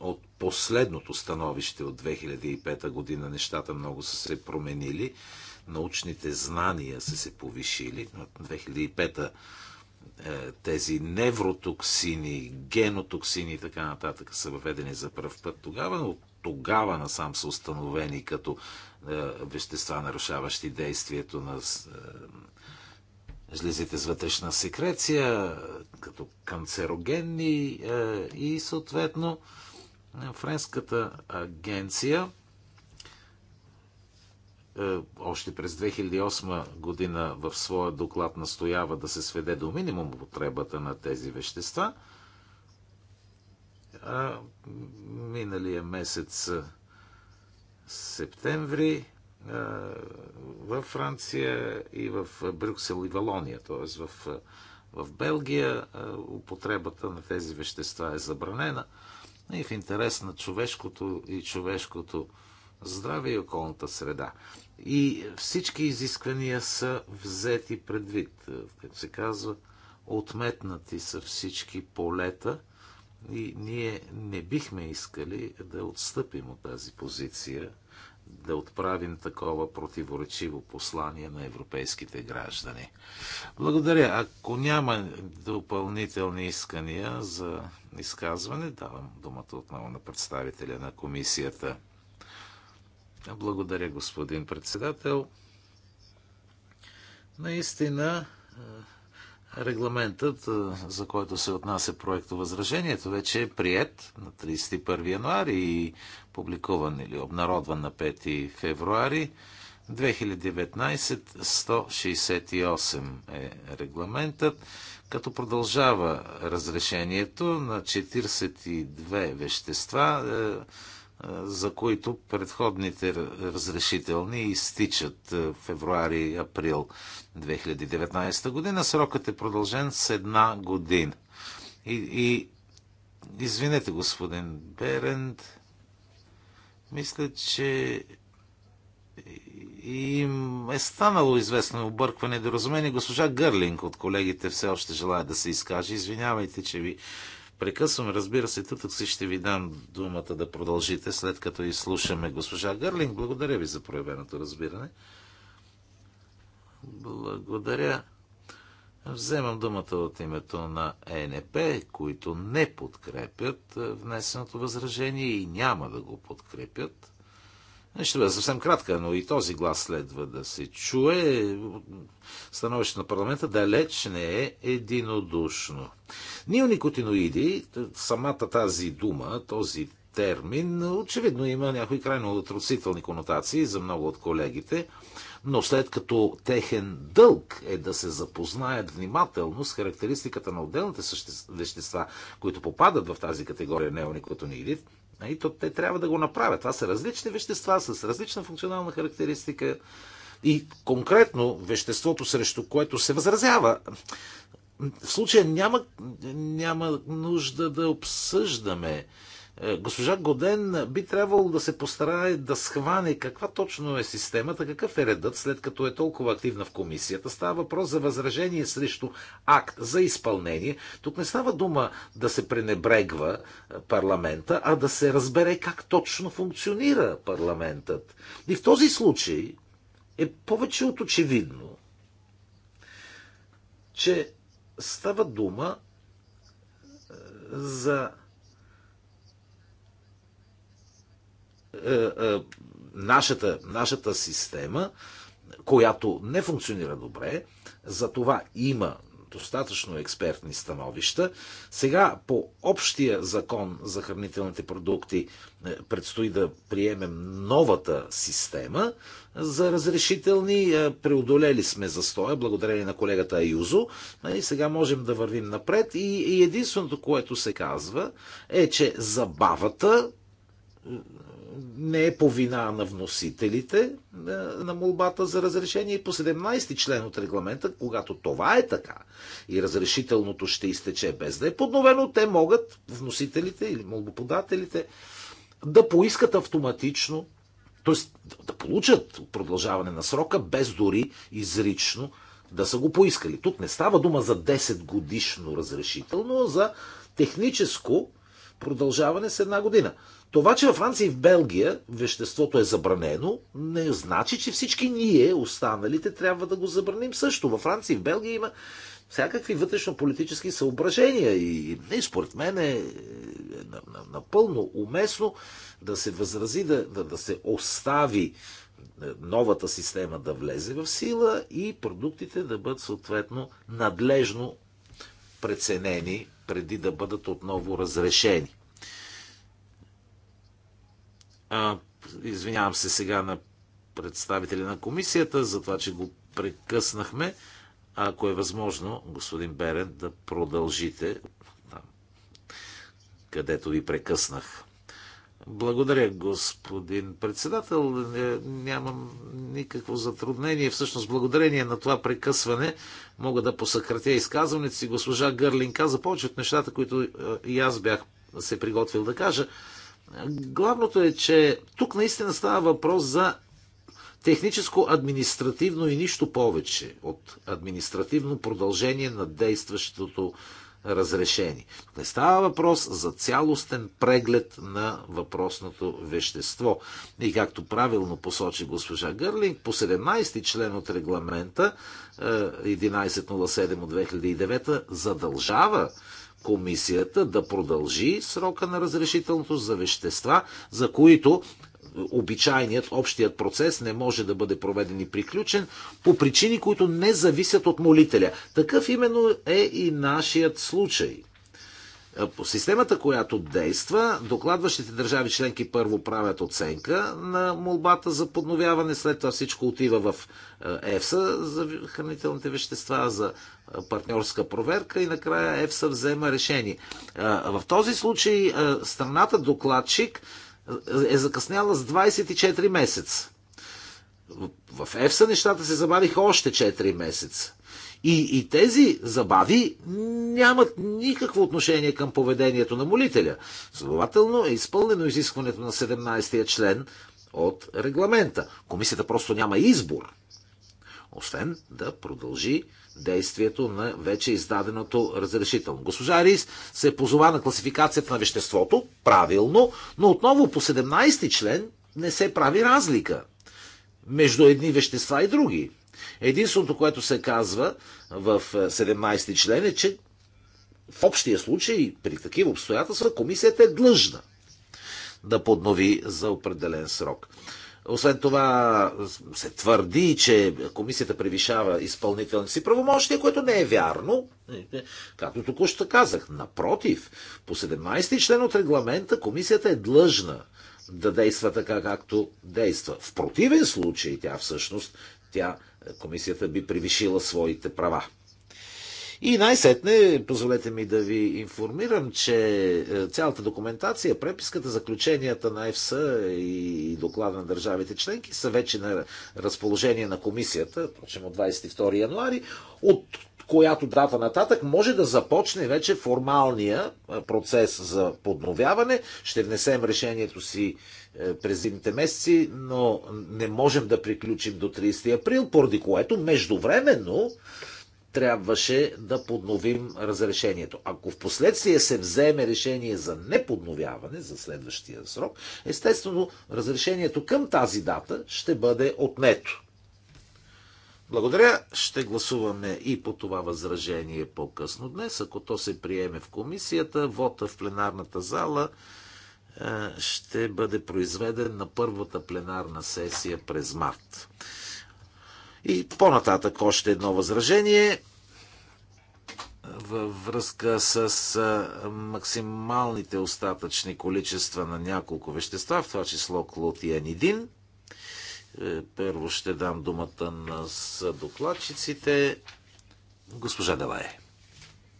От последното становище от 2005 година нещата много са се променили. Научните знания са се повишили. От 2005 е, тези невротоксини, генотоксини и така нататък са въведени за първ път тогава, но тогава насам са установени като е, вещества, нарушаващи действието на е, жлезите с вътрешна секреция, като канцерогенни и съответно Френската агенция е, още през 2008 година в своя доклад настоява да се сведе до минимум употребата на тези вещества. А миналия месец е, септември е, в Франция и в Брюксел и Валония, т.е. в, в Белгия употребата на тези вещества е забранена и в интерес на човешкото и човешкото здраве и околната среда. И всички изисквания са взети предвид. Е, как се казва, отметнати са всички полета и ние не бихме искали да отстъпим от тази позиция, да отправим такова противоречиво послание на европейските граждани. Благодаря. Ако няма допълнителни искания за изказване, давам думата отново на представителя на комисията. Благодаря, господин председател. Наистина, е, регламентът, е, за който се отнася проекто възражението, вече е прият на 31 януари и публикуван или обнародван на 5 февруари. 2019-168 е регламентът, като продължава разрешението на 42 вещества, е, за които предходните разрешителни изтичат в февруари-април 2019 година. Срокът е продължен с една година. И, и извинете, господин Беренд, мисля, че им е станало известно объркване, да разумени госпожа Гърлинг от колегите все още желая да се изкаже. Извинявайте, че ви прекъсвам. Разбира се, тук си ще ви дам думата да продължите, след като изслушаме госпожа Гърлинг. Благодаря ви за проявеното разбиране. Благодаря. Вземам думата от името на ЕНП, които не подкрепят внесеното възражение и няма да го подкрепят. Ще бъде съвсем кратка, но и този глас следва да се чуе. Становището на парламента далеч не е единодушно. Неоникотиноиди, самата тази дума, този термин, очевидно има някои крайно отрицителни конотации за много от колегите, но след като техен дълг е да се запознаят внимателно с характеристиката на отделните вещества, които попадат в тази категория неоникотиноиди, и то те трябва да го направят. Това са различни вещества с различна функционална характеристика. И конкретно веществото, срещу което се възразява, в случая няма, няма нужда да обсъждаме е, госпожа Годен би трябвало да се постарае да схване каква точно е системата, какъв е редът, след като е толкова активна в комисията. Става въпрос за възражение срещу акт за изпълнение. Тук не става дума да се пренебрегва е, парламента, а да се разбере как точно функционира парламентът. И в този случай е повече от очевидно, че става дума е, за Е, е, нашата, нашата система, която не функционира добре, за това има достатъчно експертни становища. Сега по общия закон за хранителните продукти е, предстои да приемем новата система за разрешителни. Преодолели сме застоя, благодарение на колегата Аюзо. И нали, сега можем да вървим напред. И единственото, което се казва, е, че забавата не е по вина на вносителите е, на молбата за разрешение и по 17 член от регламента, когато това е така и разрешителното ще изтече без да е подновено, те могат, вносителите или молбоподателите, да поискат автоматично, т.е. да получат продължаване на срока, без дори изрично да са го поискали. Тук не става дума за 10 годишно разрешително, а за техническо продължаване с една година. Това, че във Франция и в Белгия веществото е забранено, не значи, че всички ние, останалите, трябва да го забраним също. Във Франция и в Белгия има всякакви вътрешно-политически съображения и, и според мен е, е напълно уместно да се възрази, да, да, да се остави е, новата система да влезе в сила и продуктите да бъдат съответно надлежно преценени преди да бъдат отново разрешени. А, извинявам се сега на представители на комисията за това, че го прекъснахме. Ако е възможно, господин Берен, да продължите там, където ви прекъснах. Благодаря, господин председател. Е, нямам никакво затруднение. Всъщност, благодарение на това прекъсване мога да посъкратя изказването си. Госпожа Гърлин каза повече от нещата, които е, и аз бях се приготвил да кажа. Главното е, че тук наистина става въпрос за техническо-административно и нищо повече от административно продължение на действащото разрешени. Не става въпрос за цялостен преглед на въпросното вещество. И както правилно посочи госпожа Гърлинг, по 17 ти член от регламента 1107 е, от 2009 задължава комисията да продължи срока на разрешителното за вещества, за които обичайният, общият процес не може да бъде проведен и приключен по причини, които не зависят от молителя. Такъв именно е и нашият случай. По системата, която действа, докладващите държави членки първо правят оценка на молбата за подновяване, след това всичко отива в е, ЕФСА за хранителните вещества, за е, партньорска проверка и накрая ЕФСА взема решение. Е, в този случай страната докладчик е закъсняла с 24 месеца. В ЕФСА нещата се забавиха още 4 месеца. И, и тези забави нямат никакво отношение към поведението на молителя. Следователно е изпълнено изискването на 17-я член от регламента. Комисията просто няма избор, освен да продължи действието на вече издаденото разрешително. Госпожа Рис се позова на класификацията на веществото, правилно, но отново по 17 член не се прави разлика между едни вещества и други. Единственото, което се казва в 17 е, член е, че в общия случай при такива обстоятелства комисията е длъжна да поднови за определен срок. Освен това се твърди, че комисията превишава изпълнителни си правомощия, което не е вярно. Както току-що казах, напротив, по 17 член от регламента комисията е длъжна да действа така, както действа. В противен случай тя всъщност, тя, комисията би превишила своите права. И най-сетне, позволете ми да ви информирам, че е, цялата документация, преписката, заключенията на ЕФСА и доклада на държавите членки са вече на разположение на комисията, впрочем от 22 януари, от която дата нататък може да започне вече формалния е, процес за подновяване. Ще внесем решението си е, през зимните месеци, но не можем да приключим до 30 април, поради което междувременно трябваше да подновим разрешението. Ако в последствие се вземе решение за неподновяване за следващия срок, естествено разрешението към тази дата ще бъде отнето. Благодаря. Ще гласуваме и по това възражение по-късно днес. Ако то се приеме в комисията, вота в пленарната зала е, ще бъде произведен на първата пленарна сесия през март. И по-нататък още едно възражение във връзка с максималните остатъчни количества на няколко вещества, в това число клот и анидин. Е, първо ще дам думата на съдокладчиците. Госпожа Далай,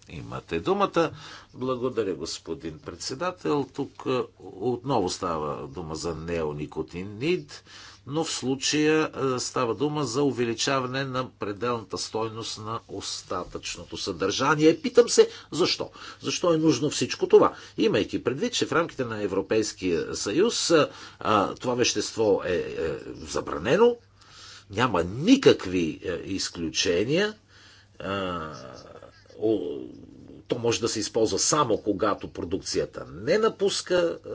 Имате думата. Благодаря, господин председател. Тук е, отново става дума за неоникотинид но в случая е, става дума за увеличаване на пределната стойност на остатъчното съдържание. Питам се защо? Защо е нужно всичко това? Имайки предвид, че в рамките на Европейския съюз е, това вещество е, е забранено, няма никакви изключения то може да се използва само когато продукцията не напуска е,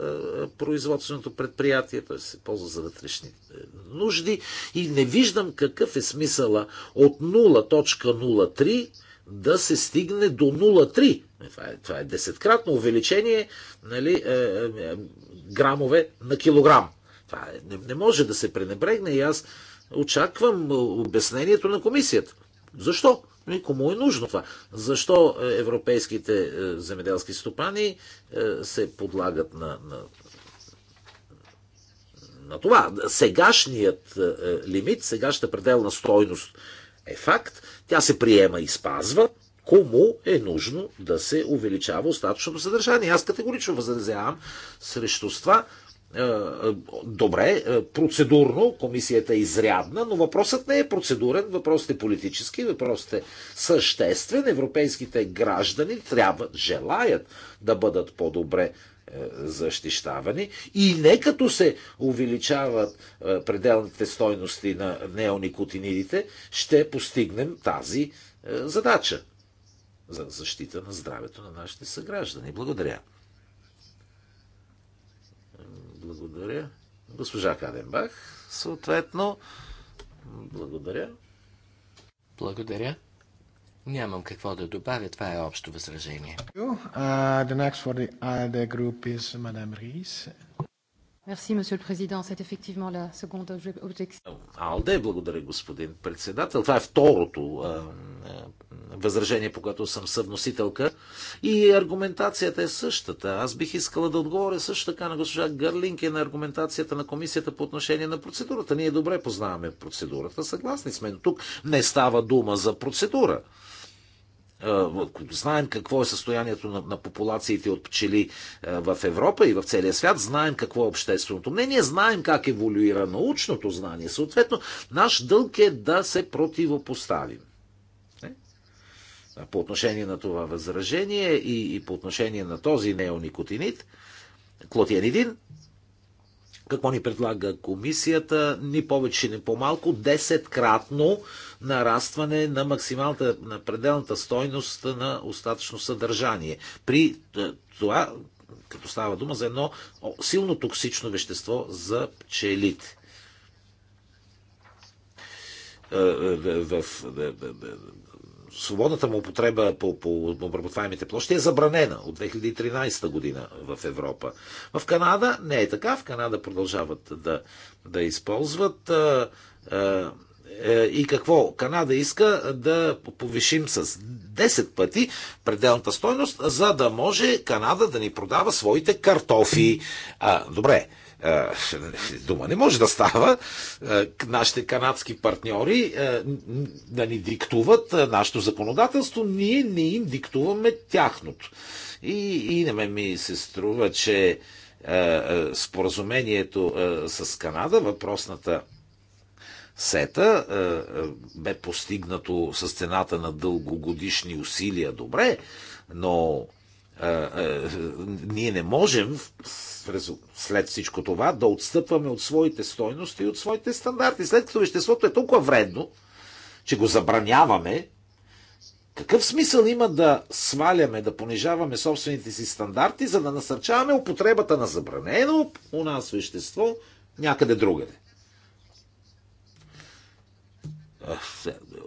производственото предприятие, т.е. се ползва за вътрешни е, нужди. И не виждам какъв е смисъла от 0.03 да се стигне до 0,3. Е, това е, това е десеткратно увеличение нали, е, е, грамове на килограм. Това е, не, не може да се пренебрегне и аз очаквам обяснението на комисията. Защо? Нали, кому е нужно това? Защо е, европейските е, земеделски стопани е, се подлагат на, на, на това? Сегашният лимит, сегашната пределна стойност е факт. Тя се приема и спазва. Кому е нужно да се увеличава остатъчното съдържание? Аз категорично възразявам срещу това е, е, добре, е, процедурно комисията е изрядна, но въпросът не е процедурен, въпросът е политически, въпросът е съществен. Европейските граждани трябва, желаят да бъдат по-добре защищавани и не като се увеличават пределните стойности на неоникотинидите, ще постигнем тази задача за защита на здравето на нашите съграждани. Благодаря. Благодаря. Госпожа Каденбах, съответно. Благодаря. Благодаря. Нямам какво да добавя, това е общо възражение. Uh, Мерси, месье президент. След ефективно ла секунда обжекция. Алде, благодаря, господин председател. Това е второто възражение, по което съм съвносителка. И аргументацията е същата. Аз бих искала да отговоря също така на госпожа Гърлинг и на аргументацията на комисията по отношение на процедурата. Ние добре познаваме процедурата. Съгласни сме, но тук не става дума за процедура. Знаем какво е състоянието на, на популациите от пчели в Европа и в целия свят, знаем какво е общественото мнение, знаем как еволюира научното знание. Съответно, наш дълг е да се противопоставим е? по отношение на това възражение и, и по отношение на този неоникотинит, клотианидин, какво ни предлага комисията? Ни повече, ни по-малко. 10-кратно нарастване на максималната, на пределната стойност на остатъчно съдържание. При е, това, като става дума за едно силно токсично вещество за пчелите е, е, в свободната му употреба по, по обработваемите площи е забранена от 2013 година в Европа. В Канада не е така. В Канада продължават да, да използват. А, а, е, и какво? Канада иска да повишим с 10 пъти пределната стойност, за да може Канада да ни продава своите картофи. А, добре, е, дума не може да става е, нашите канадски партньори е, да ни диктуват нашето законодателство, ние не им диктуваме тяхното. И, и на мен ми се струва, че споразумението с Канада, въпросната сета, бе постигнато с цената на дългогодишни усилия добре, но ние не можем след всичко това да отстъпваме от своите стойности и от своите стандарти. След като веществото е толкова вредно, че го забраняваме, какъв смисъл има да сваляме, да понижаваме собствените си стандарти, за да насърчаваме употребата на забранено у нас вещество някъде другаде?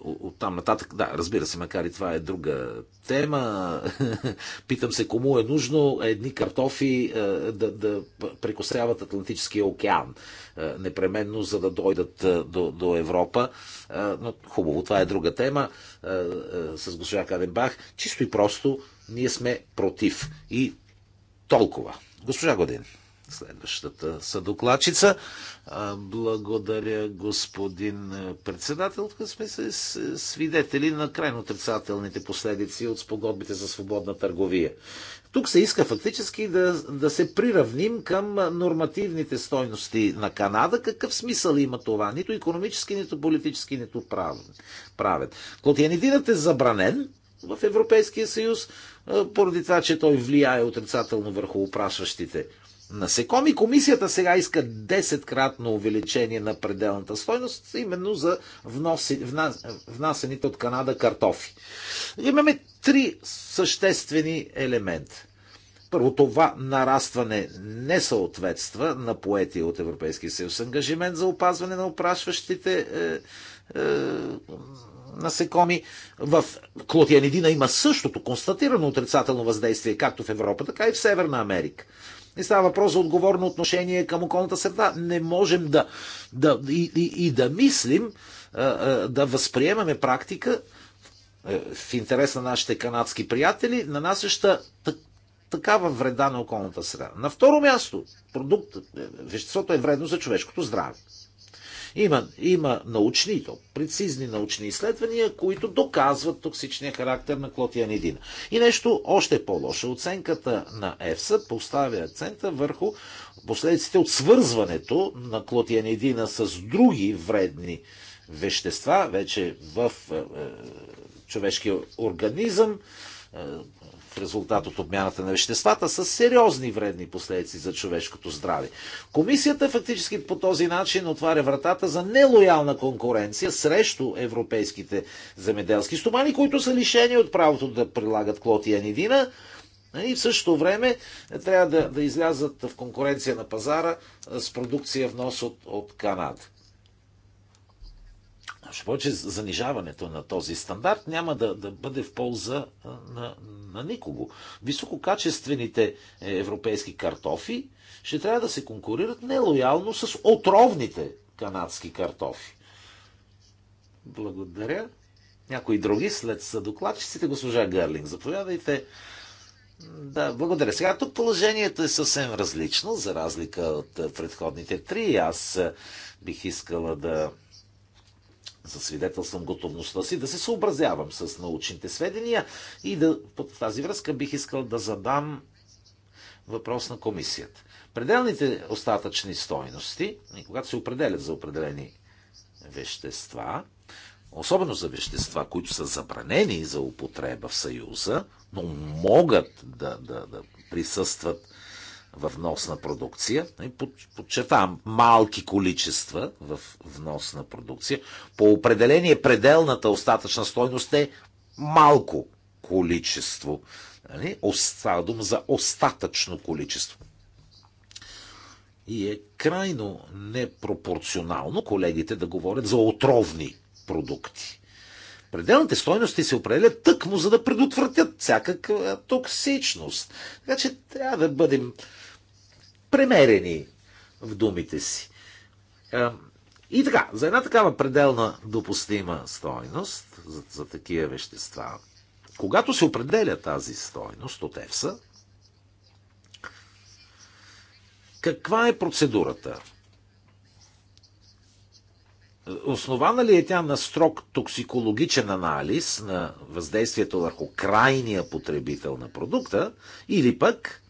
от там нататък, да, разбира се, макар и това е друга тема, питам се кому е нужно едни картофи е, да, да прекосяват Атлантическия океан е, непременно, за да дойдат е, до, до Европа. Но хубаво, това е друга тема с госпожа Каденбах. Чисто и просто ние сме против. И толкова. Госпожа Годин следващата съдокладчица. Благодаря, господин председател. Сме се свидетели на крайно отрицателните последици от спогодбите за свободна търговия. Тук се иска фактически да, да се приравним към нормативните стойности на Канада. Какъв смисъл има това? Нито економически, нито политически, нито правен. Клотианидинът е забранен в Европейския съюз, поради това, че той влияе отрицателно върху опрашващите насекоми. Комисията сега иска 10-кратно увеличение на пределната стойност, именно за вноси, вна, внасените от Канада картофи. Имаме три съществени елемента. Първо, това нарастване не съответства на поетия от Европейския съюз ангажимент за опазване на опрашващите е, е, насекоми. В клотианидина има същото констатирано отрицателно въздействие както в Европа, така и в Северна Америка. И става въпрос за отговорно отношение към околната среда. Не можем да, да и, и, и да мислим, да възприемаме практика е, в интерес на нашите канадски приятели, нанасяща такава вреда на околната среда. На второ място, продукт, е, веществото е вредно за човешкото здраве. Има, има научни, то прецизни научни изследвания, които доказват токсичния характер на клотианидина. И нещо още по-лошо. Оценката на ЕФСА поставя акцента върху последиците от свързването на клотианидина с други вредни вещества, вече в е, е човешкия организъм, е, в резултат от обмяната на веществата с сериозни вредни последици за човешкото здраве. Комисията фактически по този начин отваря вратата за нелоялна конкуренция срещу европейските земеделски стомани, които са лишени от правото да прилагат клоти и анидина, и в същото време трябва да, да излязат в конкуренция на пазара с продукция внос от, от Канада. Още повече занижаването на този стандарт няма да, да бъде в полза на, на никого. Висококачествените е, европейски картофи ще трябва да се конкурират нелоялно с отровните канадски картофи. Благодаря. Някои други след са докладчиците. Госпожа Гърлинг, заповядайте. Да, благодаря. Сега тук положението е съвсем различно, за разлика от предходните три. Аз бих искала да засвидетелствам готовността си да се съобразявам с научните сведения и да, в тази връзка бих искал да задам въпрос на комисията. Пределните остатъчни стойности, когато се определят за определени вещества, особено за вещества, които са забранени за употреба в Съюза, но могат да, да, да присъстват в вносна продукция. Подчертавам, малки количества в вносна продукция. По определение пределната остатъчна стойност е малко количество. Нали? Остава дума за остатъчно количество. И е крайно непропорционално колегите да говорят за отровни продукти. Пределните стойности се определят тъкмо, за да предотвратят всякаква токсичност. Така че трябва да бъдем премерени в думите си. И така, за една такава пределна допустима стойност за, за такива вещества, когато се определя тази стойност от ЕФСА, каква е процедурата? Основана ли е тя на строг токсикологичен анализ на въздействието върху крайния потребител на продукта или пък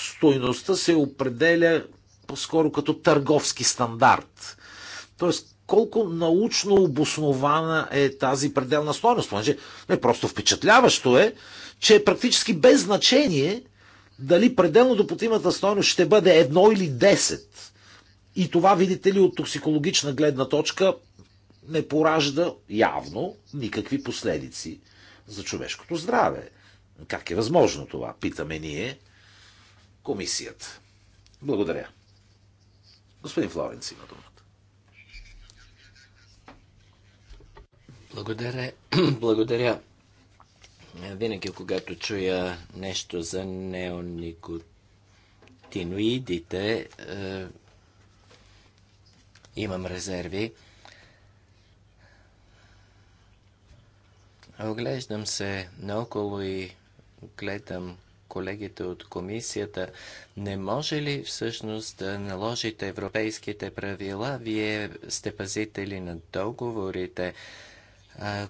стойността се определя по-скоро като търговски стандарт. Тоест, колко научно обоснована е тази пределна стойност. Понеже, не, просто впечатляващо е, че практически без значение дали пределно допустимата стойност ще бъде едно или 10. И това, видите ли, от токсикологична гледна точка не поражда явно никакви последици за човешкото здраве. Как е възможно това, питаме ние комисията. Благодаря. Господин Флоренц има думата. Благодаря. Благодаря. Винаги, когато чуя нещо за неоникотиноидите, е, имам резерви. Оглеждам се наоколо и гледам колегите от комисията, не може ли всъщност да наложите европейските правила? Вие сте пазители на договорите.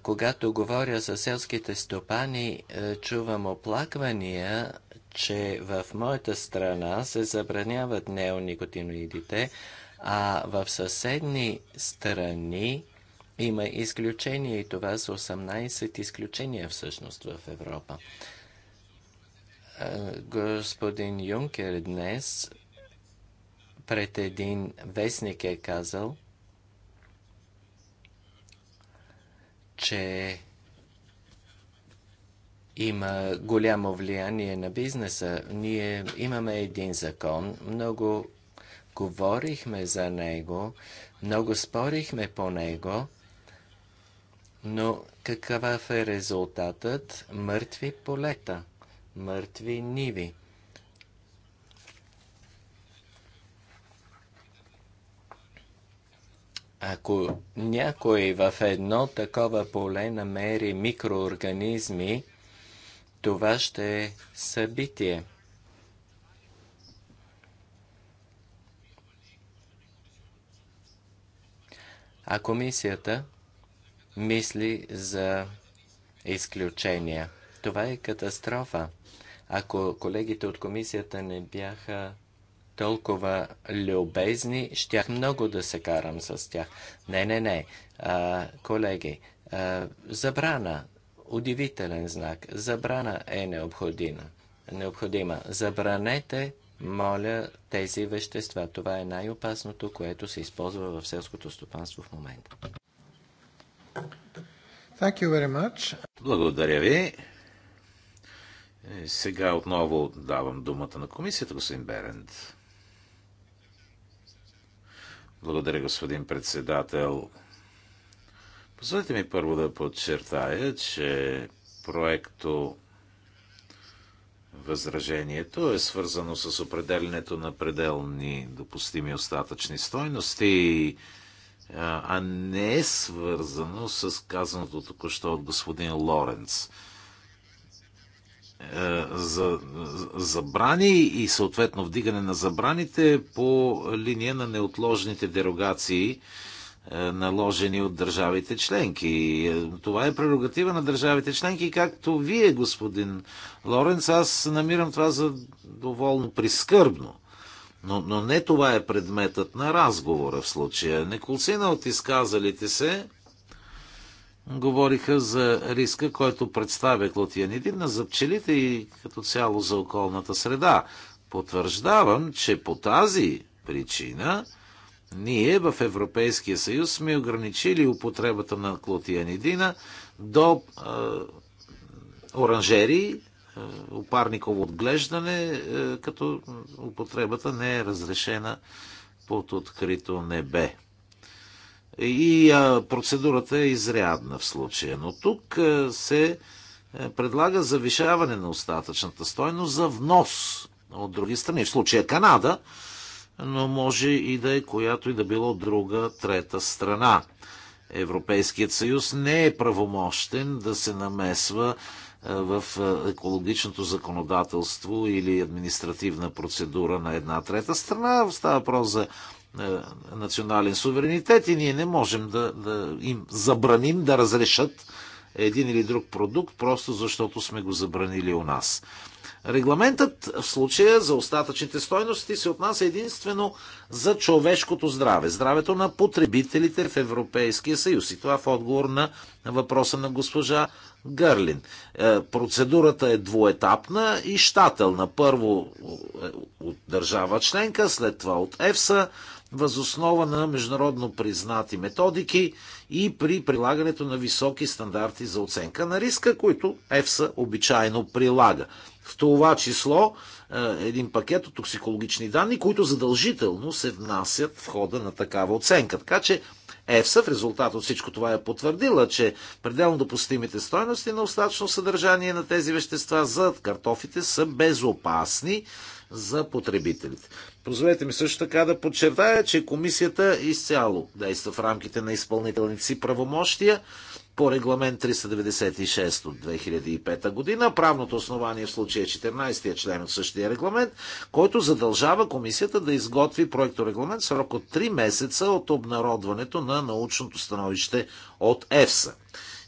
когато говоря за селските стопани, е, чувам оплаквания, че в моята страна се забраняват неоникотиноидите, а в съседни страни има изключения и това са 18 изключения всъщност в Европа. Господин Юнкер днес пред един вестник е казал, че има голямо влияние на бизнеса. Ние имаме един закон, много говорихме за него, много спорихме по него, но какъв е резултатът? Мъртви полета мъртви ниви. Ако някой в едно такова поле намери микроорганизми, това ще е събитие. А комисията мисли за изключения. Това е катастрофа. Ако колегите от комисията не бяха толкова любезни, щях много да се карам с тях. Не, не, не, а, колеги, а, забрана, удивителен знак, забрана е необходима. необходима. Забранете, моля, тези вещества. Това е най-опасното, което се използва в селското стопанство в момента. Благодаря ви. Е, сега отново давам думата на комисията, господин Беренд. Благодаря, господин председател. Позволете ми първо да подчертая, че проекто възражението е свързано с определенето на пределни допустими остатъчни стойности, а не е свързано с казаното току-що от господин Лоренц е, за забрани и съответно вдигане на забраните по линия на неотложните дерогации, е, наложени от държавите членки. Е, това е прерогатива на държавите членки, както вие, господин Лоренц, аз намирам това за доволно прискърбно. Но, но не това е предметът на разговора в случая. Неколцина от изказалите се говориха за риска, който представя клотианидина за пчелите и като цяло за околната среда. Потвърждавам, че по тази причина ние в Европейския съюз сме ограничили употребата на клотианидина до е, оранжери, е, опарниково отглеждане, е, като употребата не е разрешена под открито небе. И процедурата е изрядна в случая. Но тук се е, предлага завишаване на остатъчната стойност за внос от други страни. В случая Канада, но може и да е която и да било друга трета страна. Европейският съюз не е правомощен да се намесва е, в е, екологичното законодателство или административна процедура на една трета страна. Става въпрос за е, национален суверенитет и ние не можем да, да им забраним да разрешат един или друг продукт, просто защото сме го забранили у нас. Регламентът в случая за остатъчните стойности се отнася единствено за човешкото здраве, здравето на потребителите в Европейския съюз. И това в отговор на въпроса на госпожа Гърлин. Е, процедурата е двуетапна и щателна. Първо е, от държава членка, след това от ЕФСА, възоснова на международно признати методики и при прилагането на високи стандарти за оценка на риска, които ЕФСА обичайно прилага. В това число е, един пакет от токсикологични данни, които задължително се внасят в хода на такава оценка. Така че ЕФСА в резултат от всичко това е потвърдила, че пределно допустимите стоености на остатъчно съдържание на тези вещества за картофите са безопасни за потребителите. Позволете ми също така да подчертая, че комисията изцяло действа в рамките на изпълнителните си правомощия по регламент 396 от 2005 година. Правното основание в случая е 14-я член от същия регламент, който задължава комисията да изготви проекто регламент срок от 3 месеца от обнародването на научното становище от ЕФСА.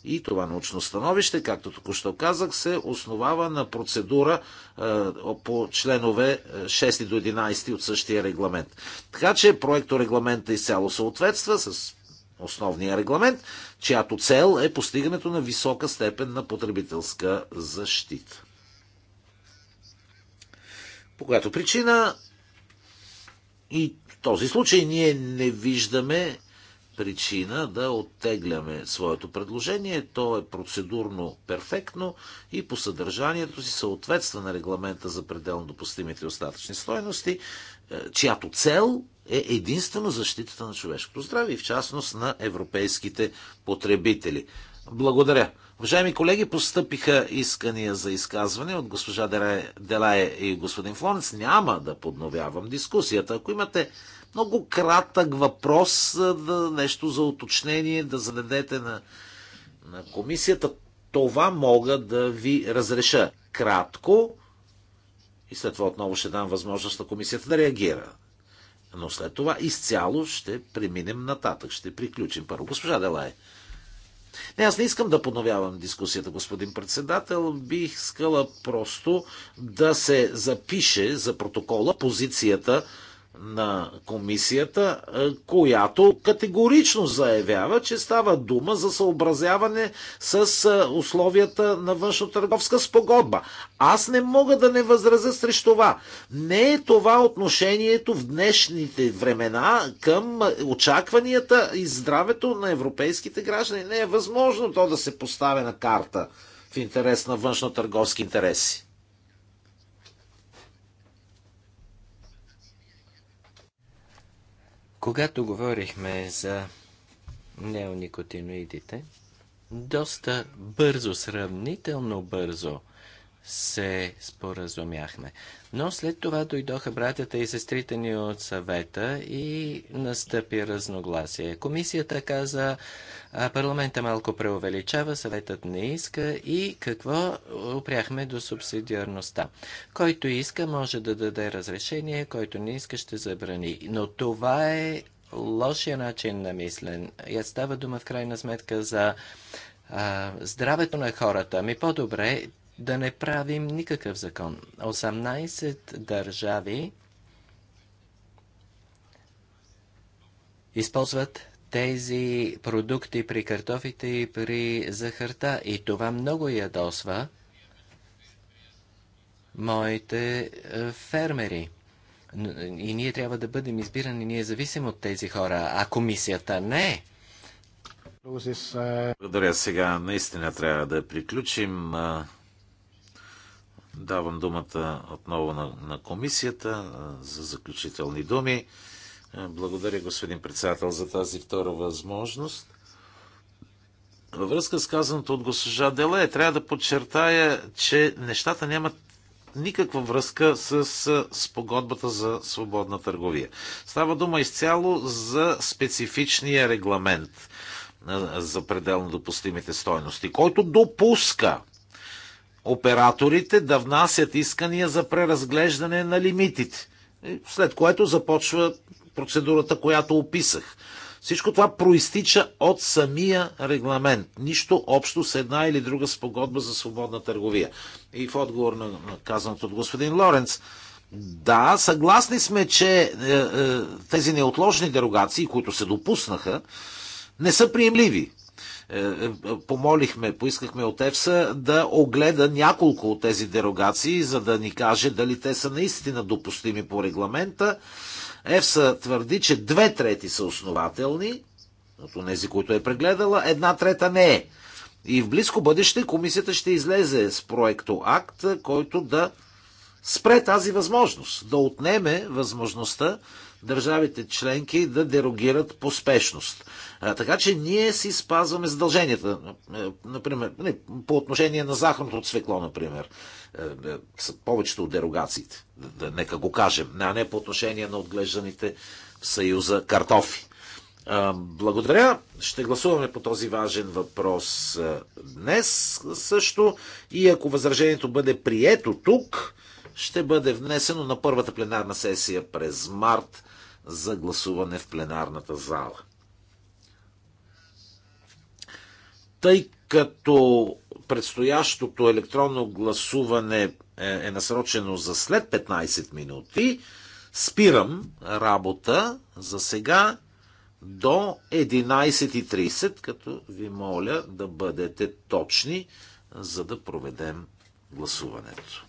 И това научно становище, както току-що казах, се основава на процедура е, по членове 6 е, до 11 от същия регламент. Така че проекторегламента изцяло съответства с основния регламент, чиято цел е постигането на висока степен на потребителска защита. По която причина и в този случай ние не виждаме причина да оттегляме своето предложение. То е процедурно перфектно и по съдържанието си съответства на регламента за пределно допустимите остатъчни стойности, е, чиято цел е единствено защитата на човешкото здраве и в частност на европейските потребители. Благодаря. Уважаеми колеги, постъпиха искания за изказване от госпожа Делае и господин Флонец. Няма да подновявам дискусията. Ако имате много кратък въпрос, да, нещо за уточнение, да зададете на, на комисията. Това мога да ви разреша кратко и след това отново ще дам възможност на комисията да реагира. Но след това изцяло ще преминем нататък, ще приключим. Първо, госпожа Делай. Не, аз не искам да подновявам дискусията, господин председател. Бих искала просто да се запише за протокола позицията на комисията, е, която категорично заявява, че става дума за съобразяване с е, условията на външно-търговска спогодба. Аз не мога да не възразя срещу това. Не е това отношението в днешните времена към очакванията и здравето на европейските граждани. Не е възможно то да се поставя на карта в интерес на външно-търговски интереси. Когато говорихме за неоникотиноидите, доста бързо, сравнително бързо се споразумяхме. Но след това дойдоха братята и сестрите ни от съвета и настъпи разногласие. Комисията каза, а парламента малко преувеличава, съветът не иска и какво опряхме до субсидиарността. Който иска, може да даде разрешение, който не иска, ще забрани. Но това е лошия начин на мислен. Я става дума в крайна сметка за а, здравето на хората. Ми по-добре да не правим никакъв закон. 18 държави използват тези продукти при картофите и при захарта. И това много ядосва моите е, фермери. И ние трябва да бъдем избирани, ние зависим от тези хора, а комисията не. Благодаря сега. Наистина трябва да приключим. Давам думата отново на, на комисията за заключителни думи. Благодаря, господин председател, за тази втора възможност. Във връзка с казаното от госпожа Деле, трябва да подчертая, че нещата нямат никаква връзка с спогодбата за свободна търговия. Става дума изцяло за специфичния регламент за пределно допустимите стойности, който допуска операторите да внасят искания за преразглеждане на лимитите. След което започва процедурата, която описах. Всичко това проистича от самия регламент. Нищо общо с една или друга спогодба за свободна търговия. И в отговор на казаното от господин Лоренц, да, съгласни сме, че е, е, тези неотложни дерогации, които се допуснаха, не са приемливи е, е, помолихме, поискахме от ЕФСА да огледа няколко от тези дерогации, за да ни каже дали те са наистина допустими по регламента. ЕФСА твърди, че две трети са основателни, от тези, които е прегледала, една трета не е. И в близко бъдеще комисията ще излезе с проекто акт, който да спре тази възможност, да отнеме възможността държавите членки да дерогират по спешност. А, така че ние си спазваме задълженията. Е, например, не, нали, по отношение на захарното цвекло, например, е, е, са повечето от дерогациите. Да, нека го кажем. А не по отношение на отглежданите в Съюза картофи. А, благодаря. Ще гласуваме по този важен въпрос днес също. И ако възражението бъде прието тук, ще бъде внесено на първата пленарна сесия през март за гласуване в пленарната зала. Тъй като предстоящото електронно гласуване е, е насрочено за след 15 минути, спирам работа за сега до 11.30, като ви моля да бъдете точни, за да проведем гласуването.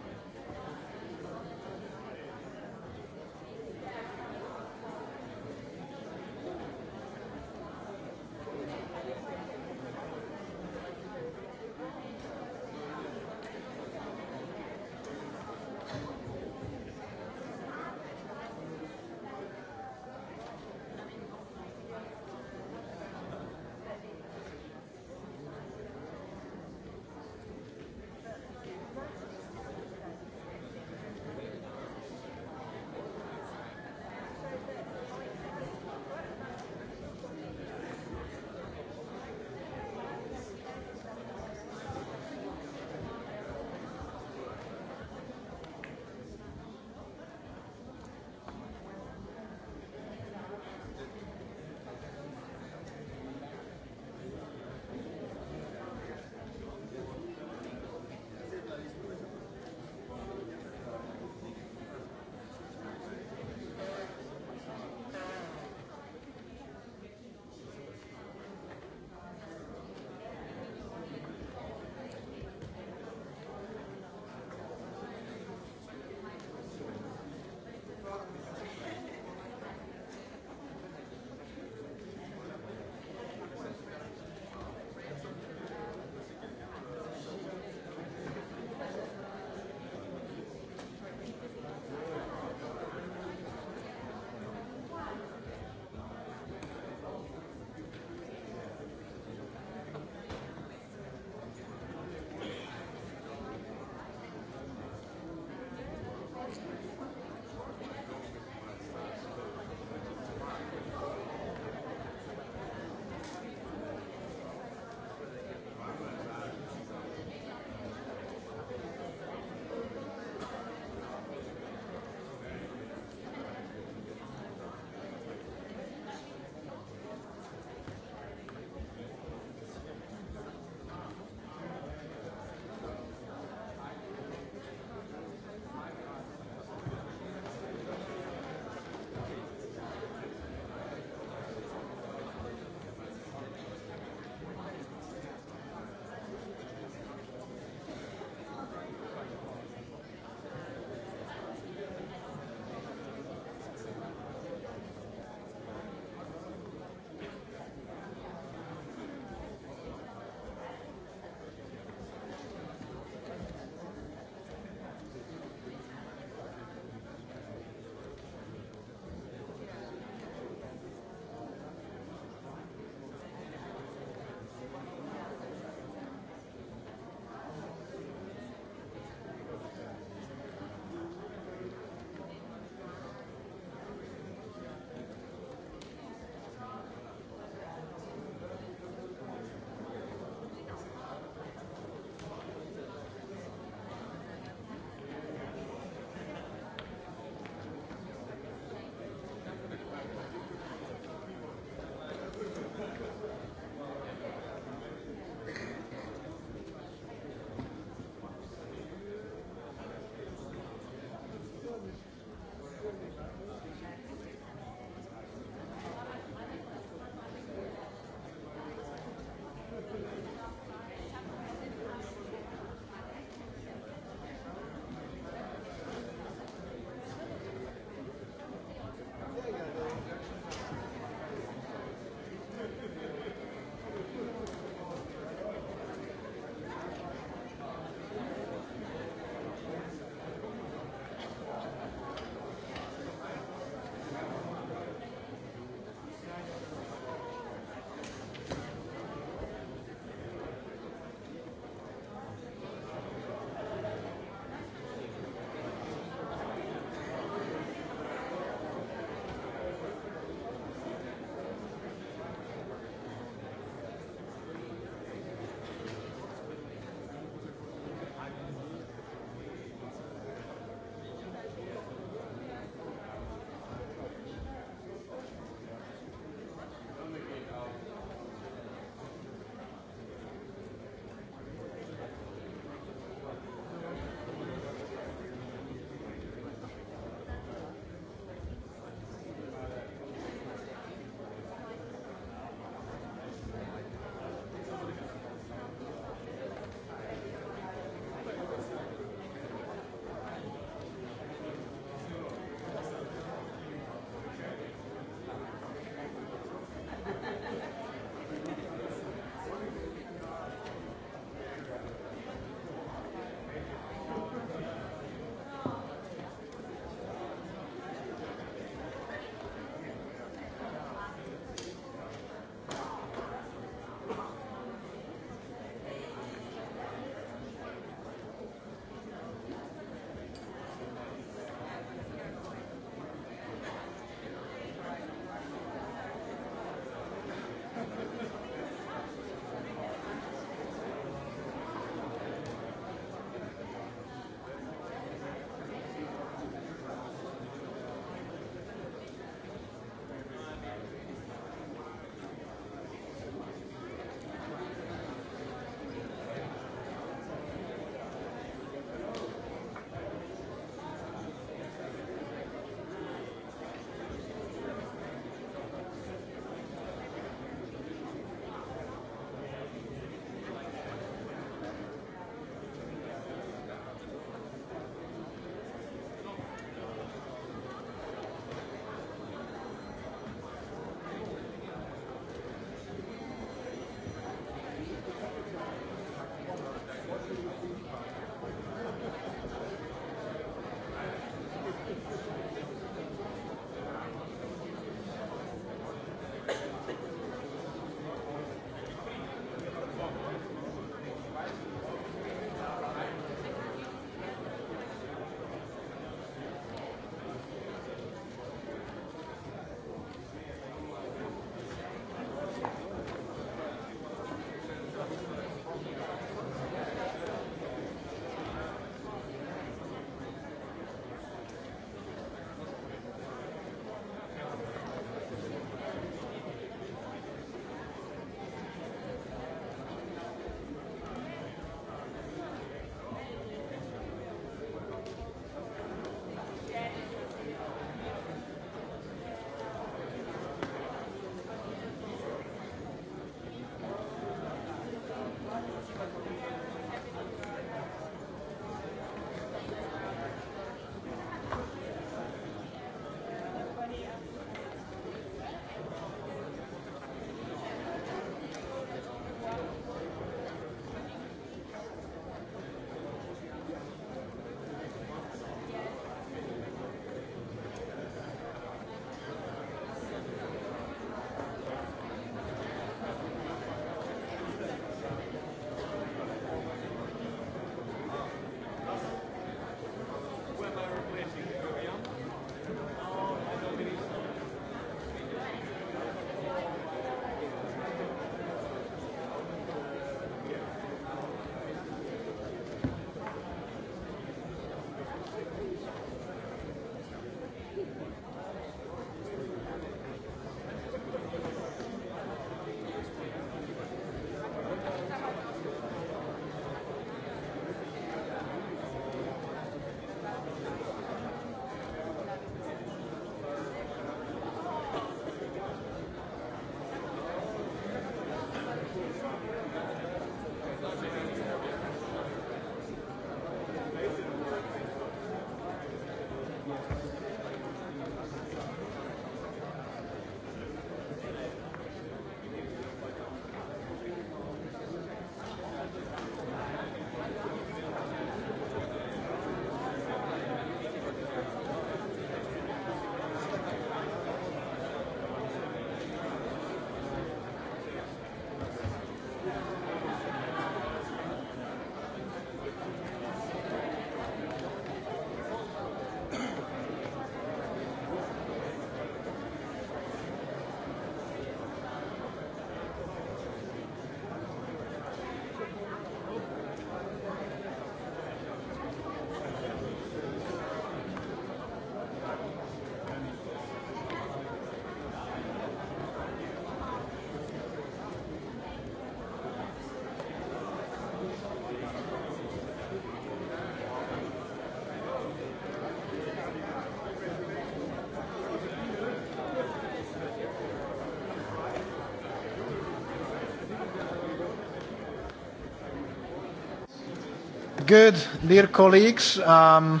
Good, dear colleagues, um,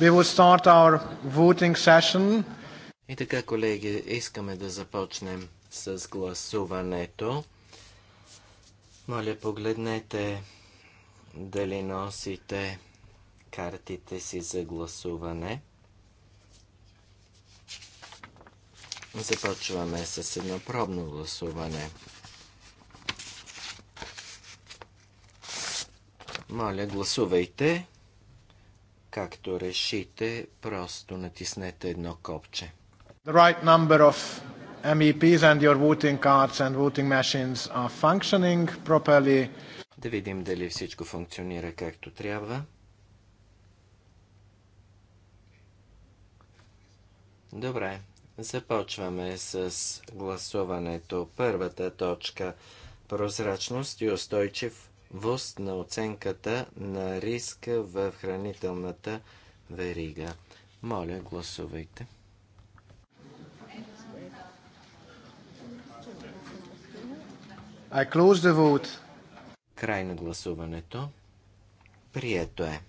we will start our voting session. И така, колеги, искаме да започнем с гласуването. Моля, погледнете дали носите картите си за гласуване. Започваме с едно пробно гласуване. Моля, гласувайте. Както решите, просто натиснете едно копче. The right number of MEPs and your voting cards and voting machines are functioning properly. Да видим дали всичко функционира както трябва. Добре, започваме с гласуването. Първата точка – прозрачност и устойчив ВОС на оценката на риска в хранителната верига. Моля, гласувайте. I close the vote. Край на гласуването. Прието е.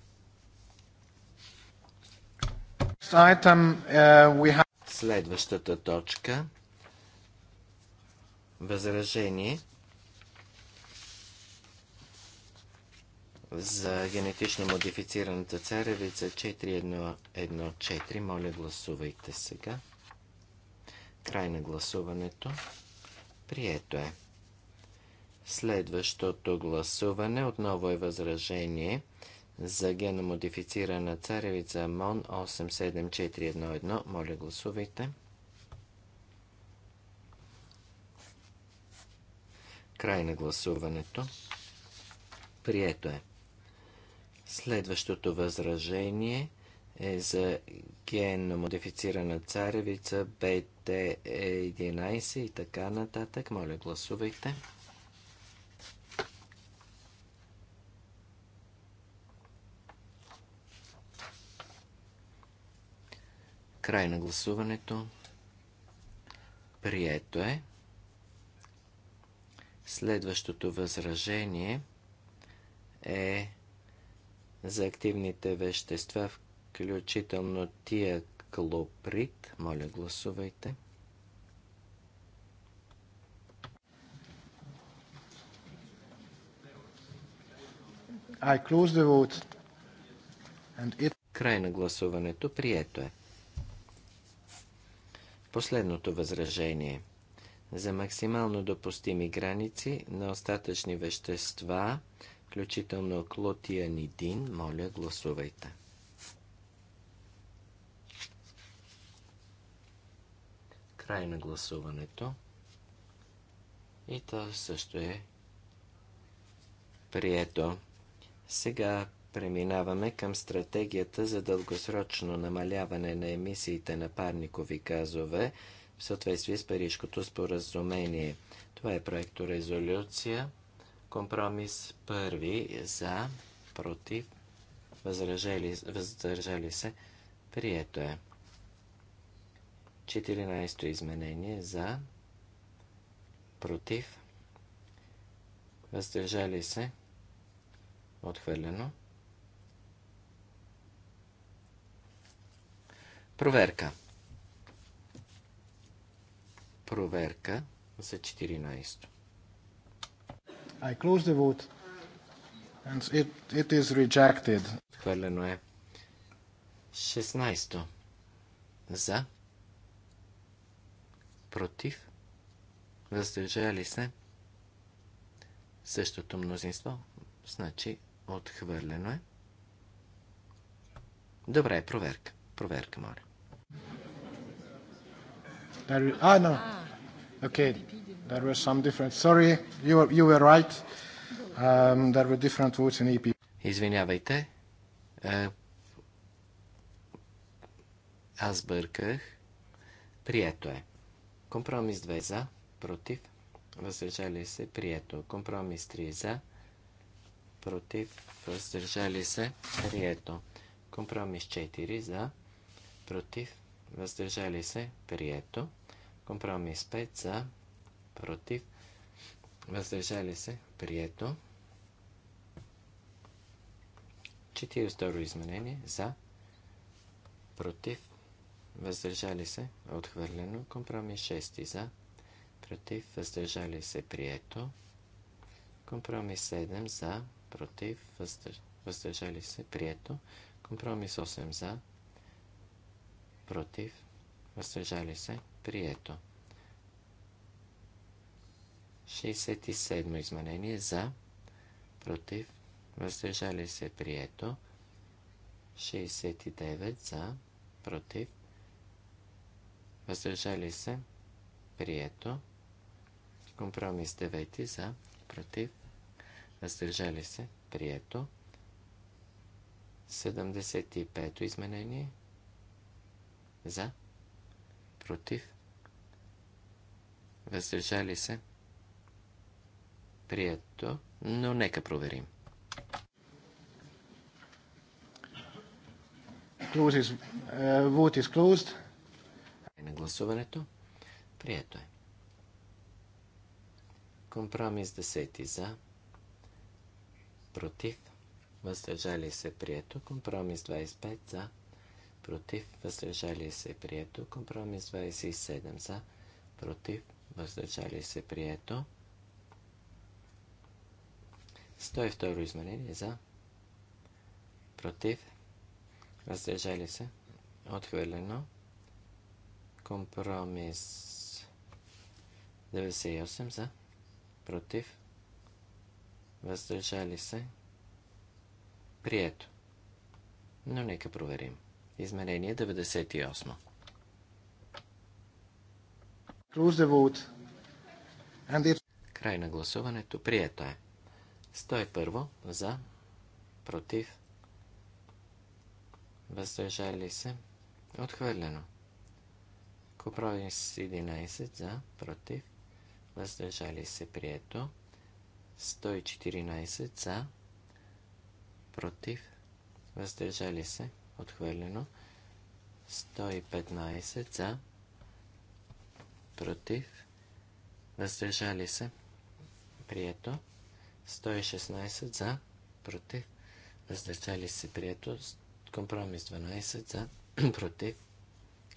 Uh, Следващата точка. Възражение за генетично модифицираната царевица 4114. Моля, гласувайте сега. Край на гласуването. Прието е. Следващото гласуване отново е възражение за геномодифицирана царевица МОН 87411. Моля, гласувайте. Край на гласуването. Прието е. Следващото възражение е за генно модифицирана царевица БТ-11 и така нататък. Моля, гласувайте. Край на гласуването. Прието е. Следващото възражение е за активните вещества, включително тия клоприт. Моля, гласувайте. I close the vote. And it... Край на гласуването. Прието е. Последното възражение. За максимално допустими граници на остатъчни вещества – включително клотианидин. Моля, гласувайте. Край на гласуването. И то също е прието. Сега преминаваме към стратегията за дългосрочно намаляване на емисиите на парникови газове в съответствие с Парижкото споразумение. Това е проекто резолюция Компромис първи за, против, въздържали, въздържали се, прието е. 14-то изменение за, против, въздържали се, отхвърлено. Проверка. Проверка за 14-то. I close the vote. And it, it is rejected. Отхвърлено е. 16. За. Против. Въздържали се. Същото мнозинство. Значи отхвърлено е. Добре, проверка. Проверка, моля. А, но. Окей. There were some different... Sorry, you were, you were right. Um, there were different votes in EP. Извинявайте. Е, аз бърках. Прието е. Компромис 2 за, против. Въздържали се, прието. Компромис 3 за, против. Въздържали се, прието. Компромис 4 за, против. Въздържали се, прието. Компромис 5 за, против, въздържали се, прието. 42 изменение за, против, въздържали се, отхвърлено, компромис 6 за, против, въздържали се, прието. Компромис 7 за, против, въздържали се, прието. Компромис 8 за, против, въздържали се, прието. 67 изменение за, против, въздържали се прието. 69 за, против, въздържали се прието. Компромис 9 за, против, въздържали се прието. 75 изменение за, против, въздържали се Прието, но нека проверим. Uh, на гласуването. Прието е. Компромис 10 за. Против. Въздържали се прието. Компромис 25 за. Против. Въздържали се прието. Компромис 27 за. Против. Въздържали се прието. 102 изменение за, против, въздържали се, отхвърлено, компромис 98 за, против, въздържали се, прието. Но нека проверим. Изменение 98. Край на гласуването прието е. 101 за, против, въздържали се, отхвърлено. Компромис 11 за, против, въздържали се, прието. 114 за, против, въздържали се, отхвърлено. 115 за, против, въздържали се, прието. 116 за, против, въздържали се прието. Компромис 12 за, против,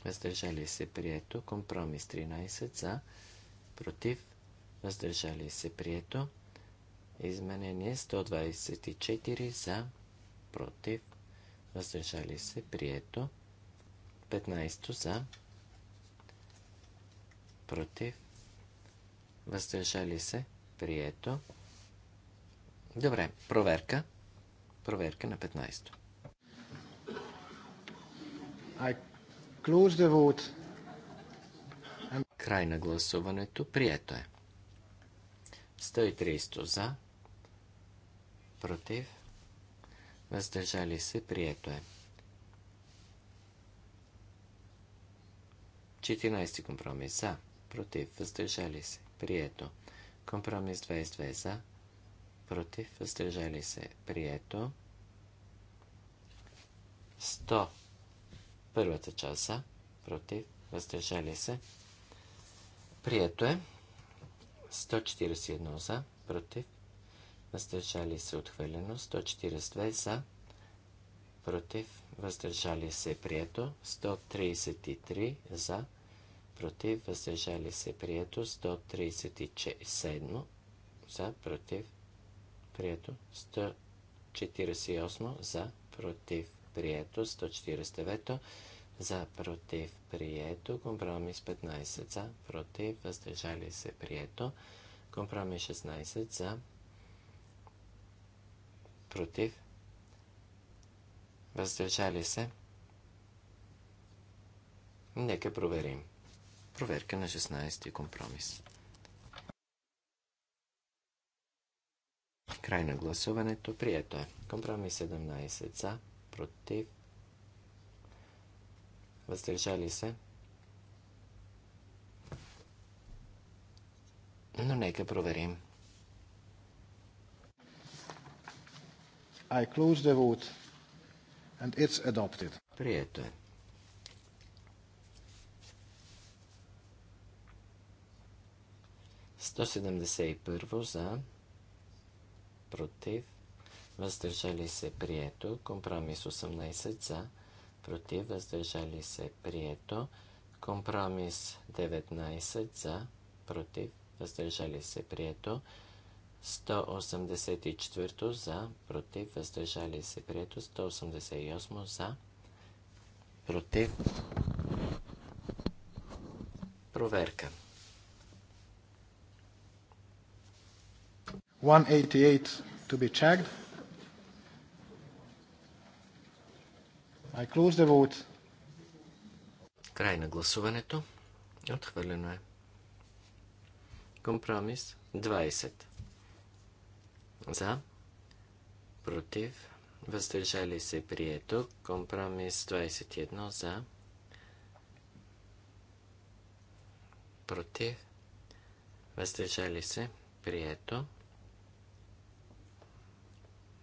въздържали се прието. Компромис 13 за, против, въздържали се прието. Изменение 124 за, против, въздържали се прието. 15 за, против, въздържали се прието. Добре, проверка. Проверка на 15-то. I close the vote. And... Край на гласуването. Прието е. 130 за. Против. Въздържали се. Прието е. 14 компромис за. Против. Въздържали се. Прието. Компромис 22 за против, въздържали се, прието. 100. Първата част за, против, въздържали се, прието е. 141 за, против, въздържали се, отхвърлено. 142 за, против, въздържали се, прието. 133 за, против, въздържали се, прието. 137 за, против, Прието. 148 за, против, прието. 149 за, против, прието. Компромис 15 за, против, въздържали се, прието. Компромис 16 за, против, въздържали се. Нека проверим. Проверка на 16 компромис. Край на гласуването. Прието е. Компромис 17 за, против, въздържали се. Но нека проверим. I close the vote and it's adopted. Прието е. Сто седемдесет и първо за против, въздържали се прието. Компромис 18 за, против, въздържали се прието. Компромис 19 за, против, въздържали се прието. 184 за, против, въздържали се прието. 188 за, против. Проверка. 188 to be checked. I close the vote. Край на гласуването. Отхвърлено е. Компромис 20. За. Против. Въздържали се прието. Компромис 21 за. Против. Въздържали се прието.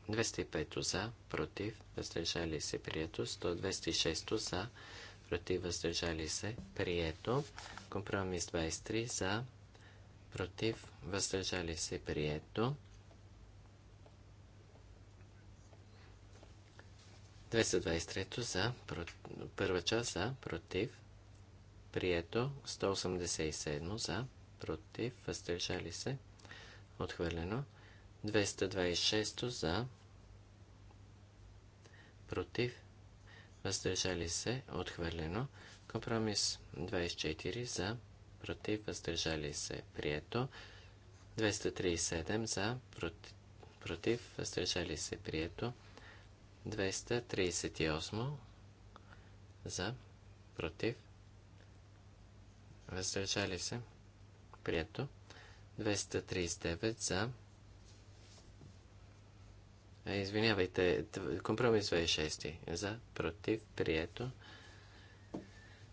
205 за, против, въздържали се, прието. 126 за, против, въздържали се, прието. Компромис 23 за, против, въздържали се, прието. 223 за, първа част за, против, прието. 187 за, против, въздържали се, отхвърлено. 226 за, против, въздържали се, отхвърлено. Компромис 24 за, против, въздържали се, прието. 237 за, против, въздържали се, прието. 238 за, против, въздържали се, прието. 239 за, е, извинявайте, компромис 26. За, против, прието.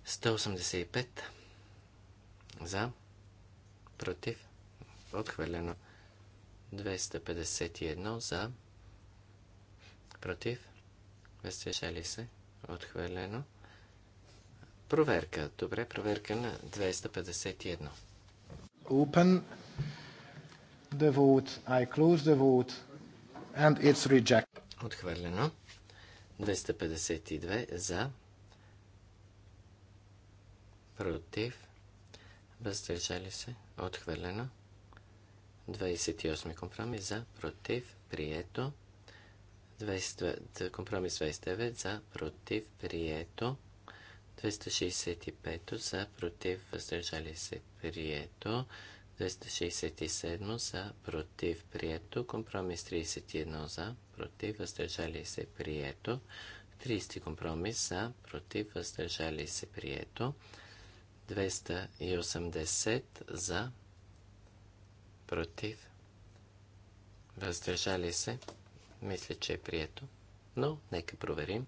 185. За, против, отхвърлено. 251 за, против, въздържали се, отхвърлено. Проверка. Добре, проверка на 251. Open the vote. I close the vote and it's Отхвърлено. 252 за. Против. Въздържали се. Отхвърлено. 28 компромис за. Против. Прието. 20, компромис 29 за. Против. Прието. 265 за. Против. Въздържали се. Прието. 267 за, против, прието. Компромис 31 за, против, въздържали се, прието. 30 компромис за, против, въздържали се, прието. 280 за, против, въздържали се. Мисля, че е прието, но нека проверим.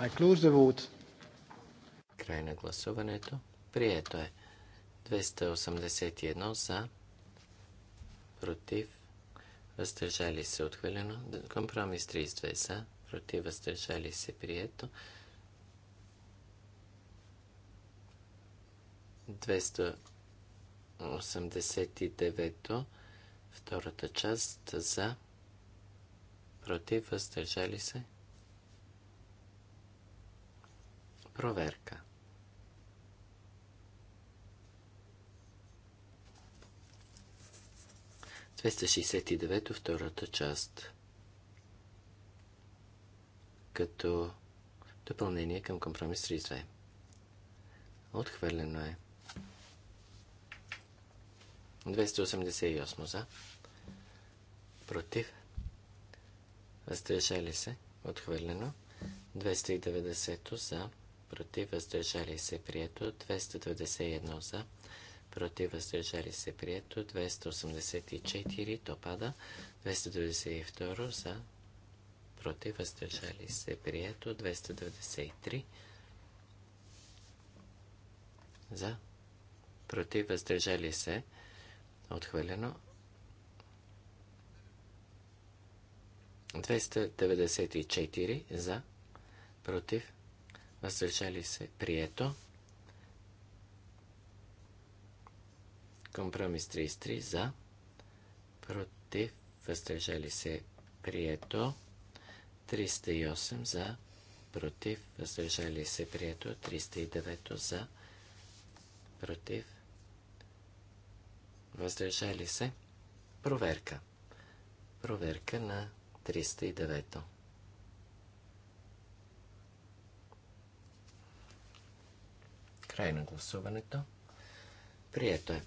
I close the vote. Край на гласуването. Прието е. 281 за, против, въздържали се отхвърлено. Компромис 32 за, против, въздържали се прието. 289 втората част за, против, въздържали се. Проверка. 269 втората част като допълнение към компромис 32. Отхвърлено е. 288 за. Против. Въздържали се. Отхвърлено. 290 за. Против. Въздържали се. Прието. 291 за против въздържали се прието, 284, то пада, 292 за, против въздържали се прието, 293 за, против въздържали се, отхвърлено, 294 за, против въздържали се прието, Компромис 33 за. Против. Въздържали се. Прието. 308 за. Против. Въздържали се. Прието. 309 за. Против. Въздържали се. Проверка. Проверка на 309. Край на гласуването. Прието е.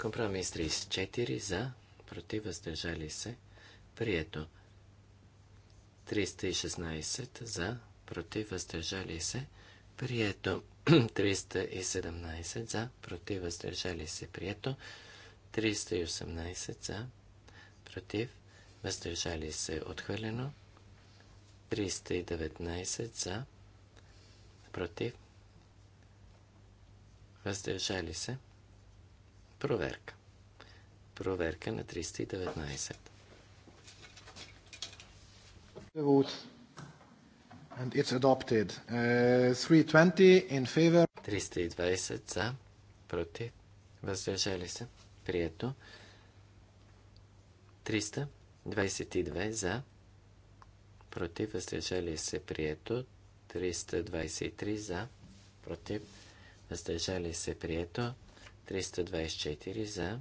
Компромис 34 за, против, въздържали се, прието. 316 за, против, въздържали се, прието. 317 за, против, въздържали се, прието. 318 за, против, въздържали се, отхвърлено. 319 за, против, въздържали се. Проверка. Проверка на 319. And it's adopted. Uh, 320 in favor. 320 за, против, въздържали се, прието. 322 за, против, въздържали се, прието. 323 за, против, въздържали се, прието. 324 за,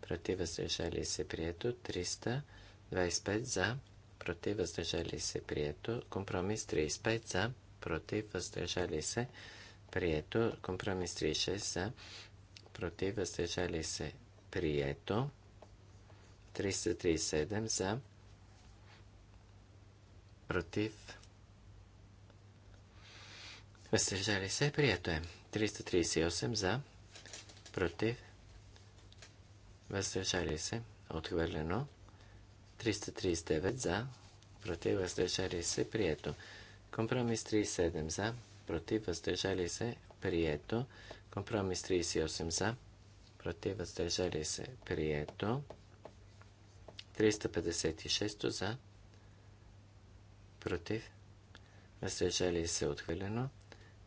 против въздържали се прието, 325 за, против въздържали се прието, компромис 35 за, против въздържали се прието, компромис 36 за, против въздържали се прието, 337 за, против въздържали се прието е, 338 за, против, въздържали се, отхвърлено. 339 за, против, въздържали се, прието. Компромис 37 за, против, въздържали се, прието. Компромис 38 за, против, въздържали се, прието. 356 за, против, въздържали се, отхвърлено.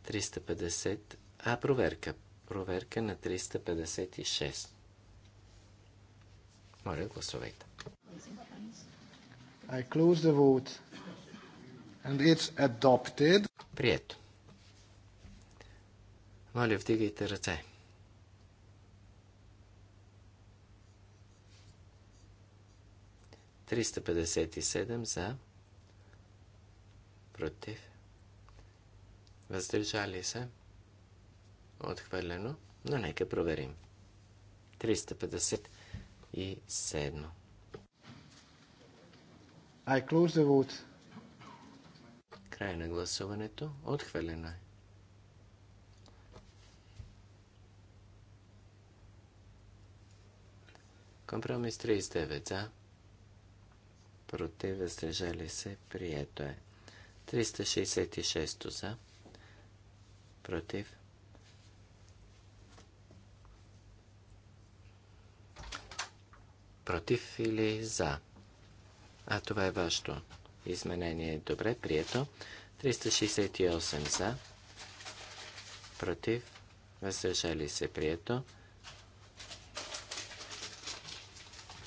350, а проверка, Проверка на 356. Моля, гласувайте. I close the vote. And it's adopted. Прието. Моля, вдигайте ръце. Триста пятьдесят и седем за. Против. Въздържали се. Отхвърлено, но нека проверим. 357. I close the vote. Край на гласуването. Отхвърлено е. Компромис 39 за. Против, въздържали се, прието е. 366 за. Против, против или за. А това е вашето изменение. Добре, прието. 368 за, против, въздържали се, прието.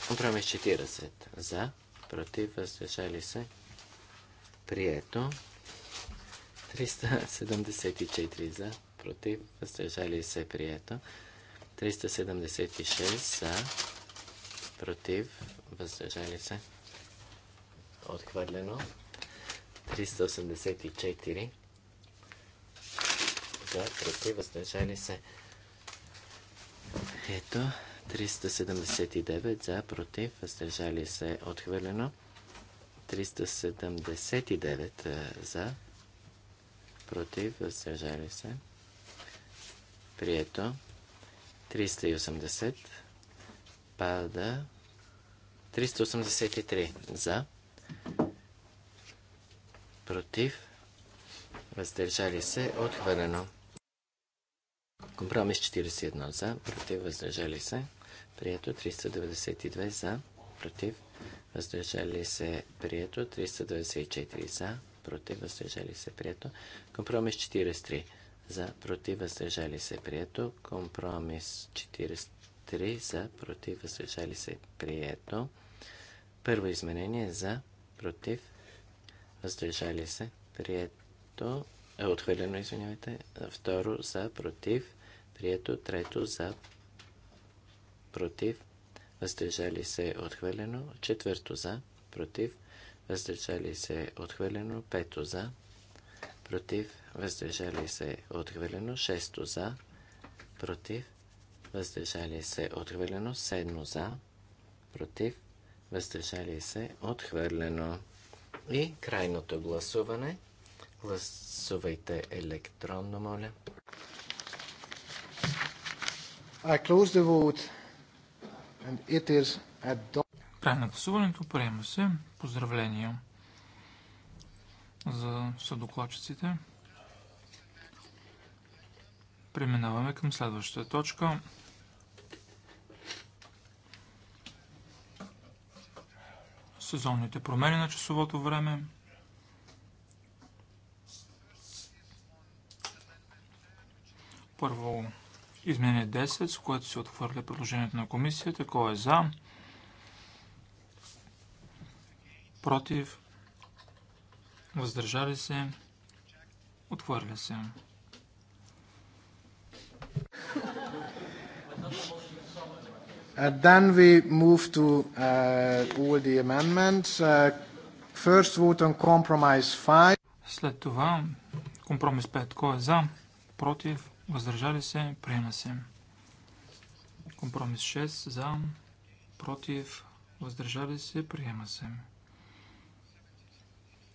Компромис 40 за, против, въздържали се, прието. 374 за, против, въздържали се, прието. 376 за, против, въздържали се. Отхвърлено. 384 за, против, въздържали се. Ето, 379 за, против, въздържали се. Отхвърлено. 379 за, против, въздържали се. Прието. 380 пада. 383 за, против, въздържали се, отхвърлено. Компромис 41 за, против, въздържали се, прието 392 за, против, въздържали се, прието 394 за, против, въздържали се, прието. Компромис 43 за, против, въздържали се, прието. Компромис 43 за, против, въздържали се, прието. Първо изменение за, против, въздържали се, прието, е, отхвърлено, извинявайте. Второ за, против, прието. Трето за, против, въздържали се, отхвърлено. Четвърто за, против, въздържали се, отхвърлено. Пето за, против, въздържали се, отхвърлено. Шесто за, против, въздържали се, отхвърлено. Седмо за, против, въздържали се, отхвърлено. И крайното гласуване. Гласувайте електронно, моля. I close the vote and it is Край на гласуването приема се. Поздравления за съдокладчиците. Преминаваме към следващата точка. сезонните промени на часовото време. Първо изменение 10, с което се отхвърля предложението на комисията. Кой е за? Против? Въздържали се? Отхвърля се. Uh, then we move to uh, all the amendments. Uh, first vote on compromise 5. След това компромис 5. Кой е за? Против? Въздържали се? Приема се. Компромис 6. За? Против? Въздържали се? Приема се.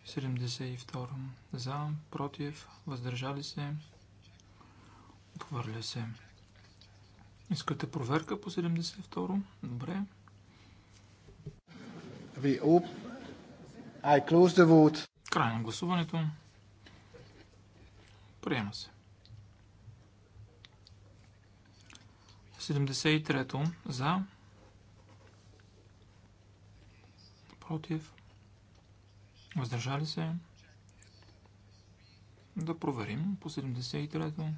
72. За? Против? Въздържали се? Отхвърля се. Искате проверка по 72? Добре. I close the vote. Край на гласуването. Приема се. 73-то за. Против. Въздържали се. Да проверим по 73-то.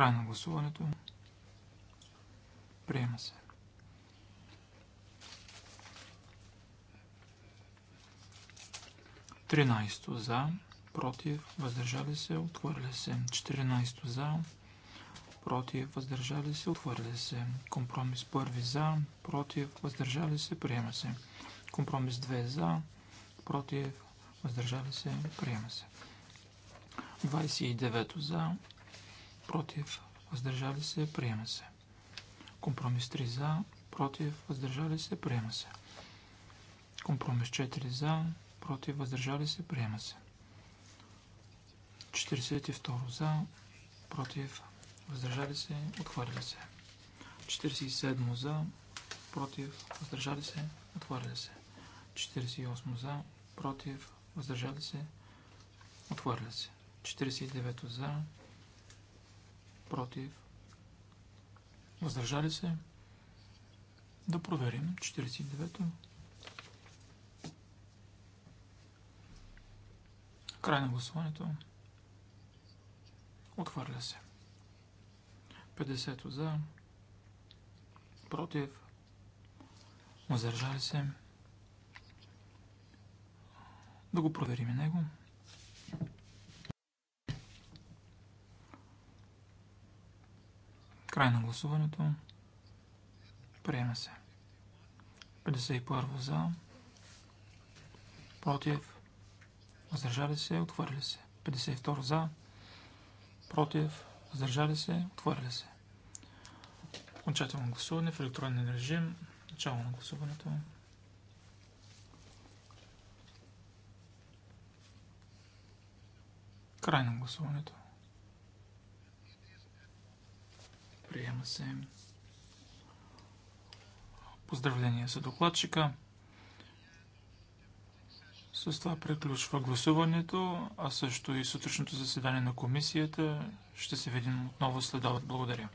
Край на гласуването. Приема се. Тринайсто за, против, въздържали се, отхвърля се. Четиринайсто за, против, въздържали се, отхвърля се. Компромис първи за, против, въздържали се, приема се. Компромис 2 за, против, въздържали се, приема се. 29 за, против, въздържали се, приема се. Компромис 3 за, против, въздържали се, приема се. Компромис 4 за, против, въздържали се, приема се. 42 за, против, въздържали се, отхвърля се. 47 за, против, въздържали се, отхвърля се. 48 за, против, въздържали се, отхвърля се. 49 за, против, въздържали се. Да проверим 49-то. Край на гласуването. Отхвърля се. 50 за. Против. Въздържали се. Да го проверим и него. Край на гласуването. Приема се. 51 за. Против. Въздържали се. Отвърли се. 52 за. Против. Въздържали се. Отвърли се. Окончателно гласуване в електронен режим. Начало на гласуването. Край на гласуването. Приема се. Поздравления за докладчика. С това приключва гласуването, а също и сутрешното заседание на комисията. Ще се видим отново Следават. Благодаря.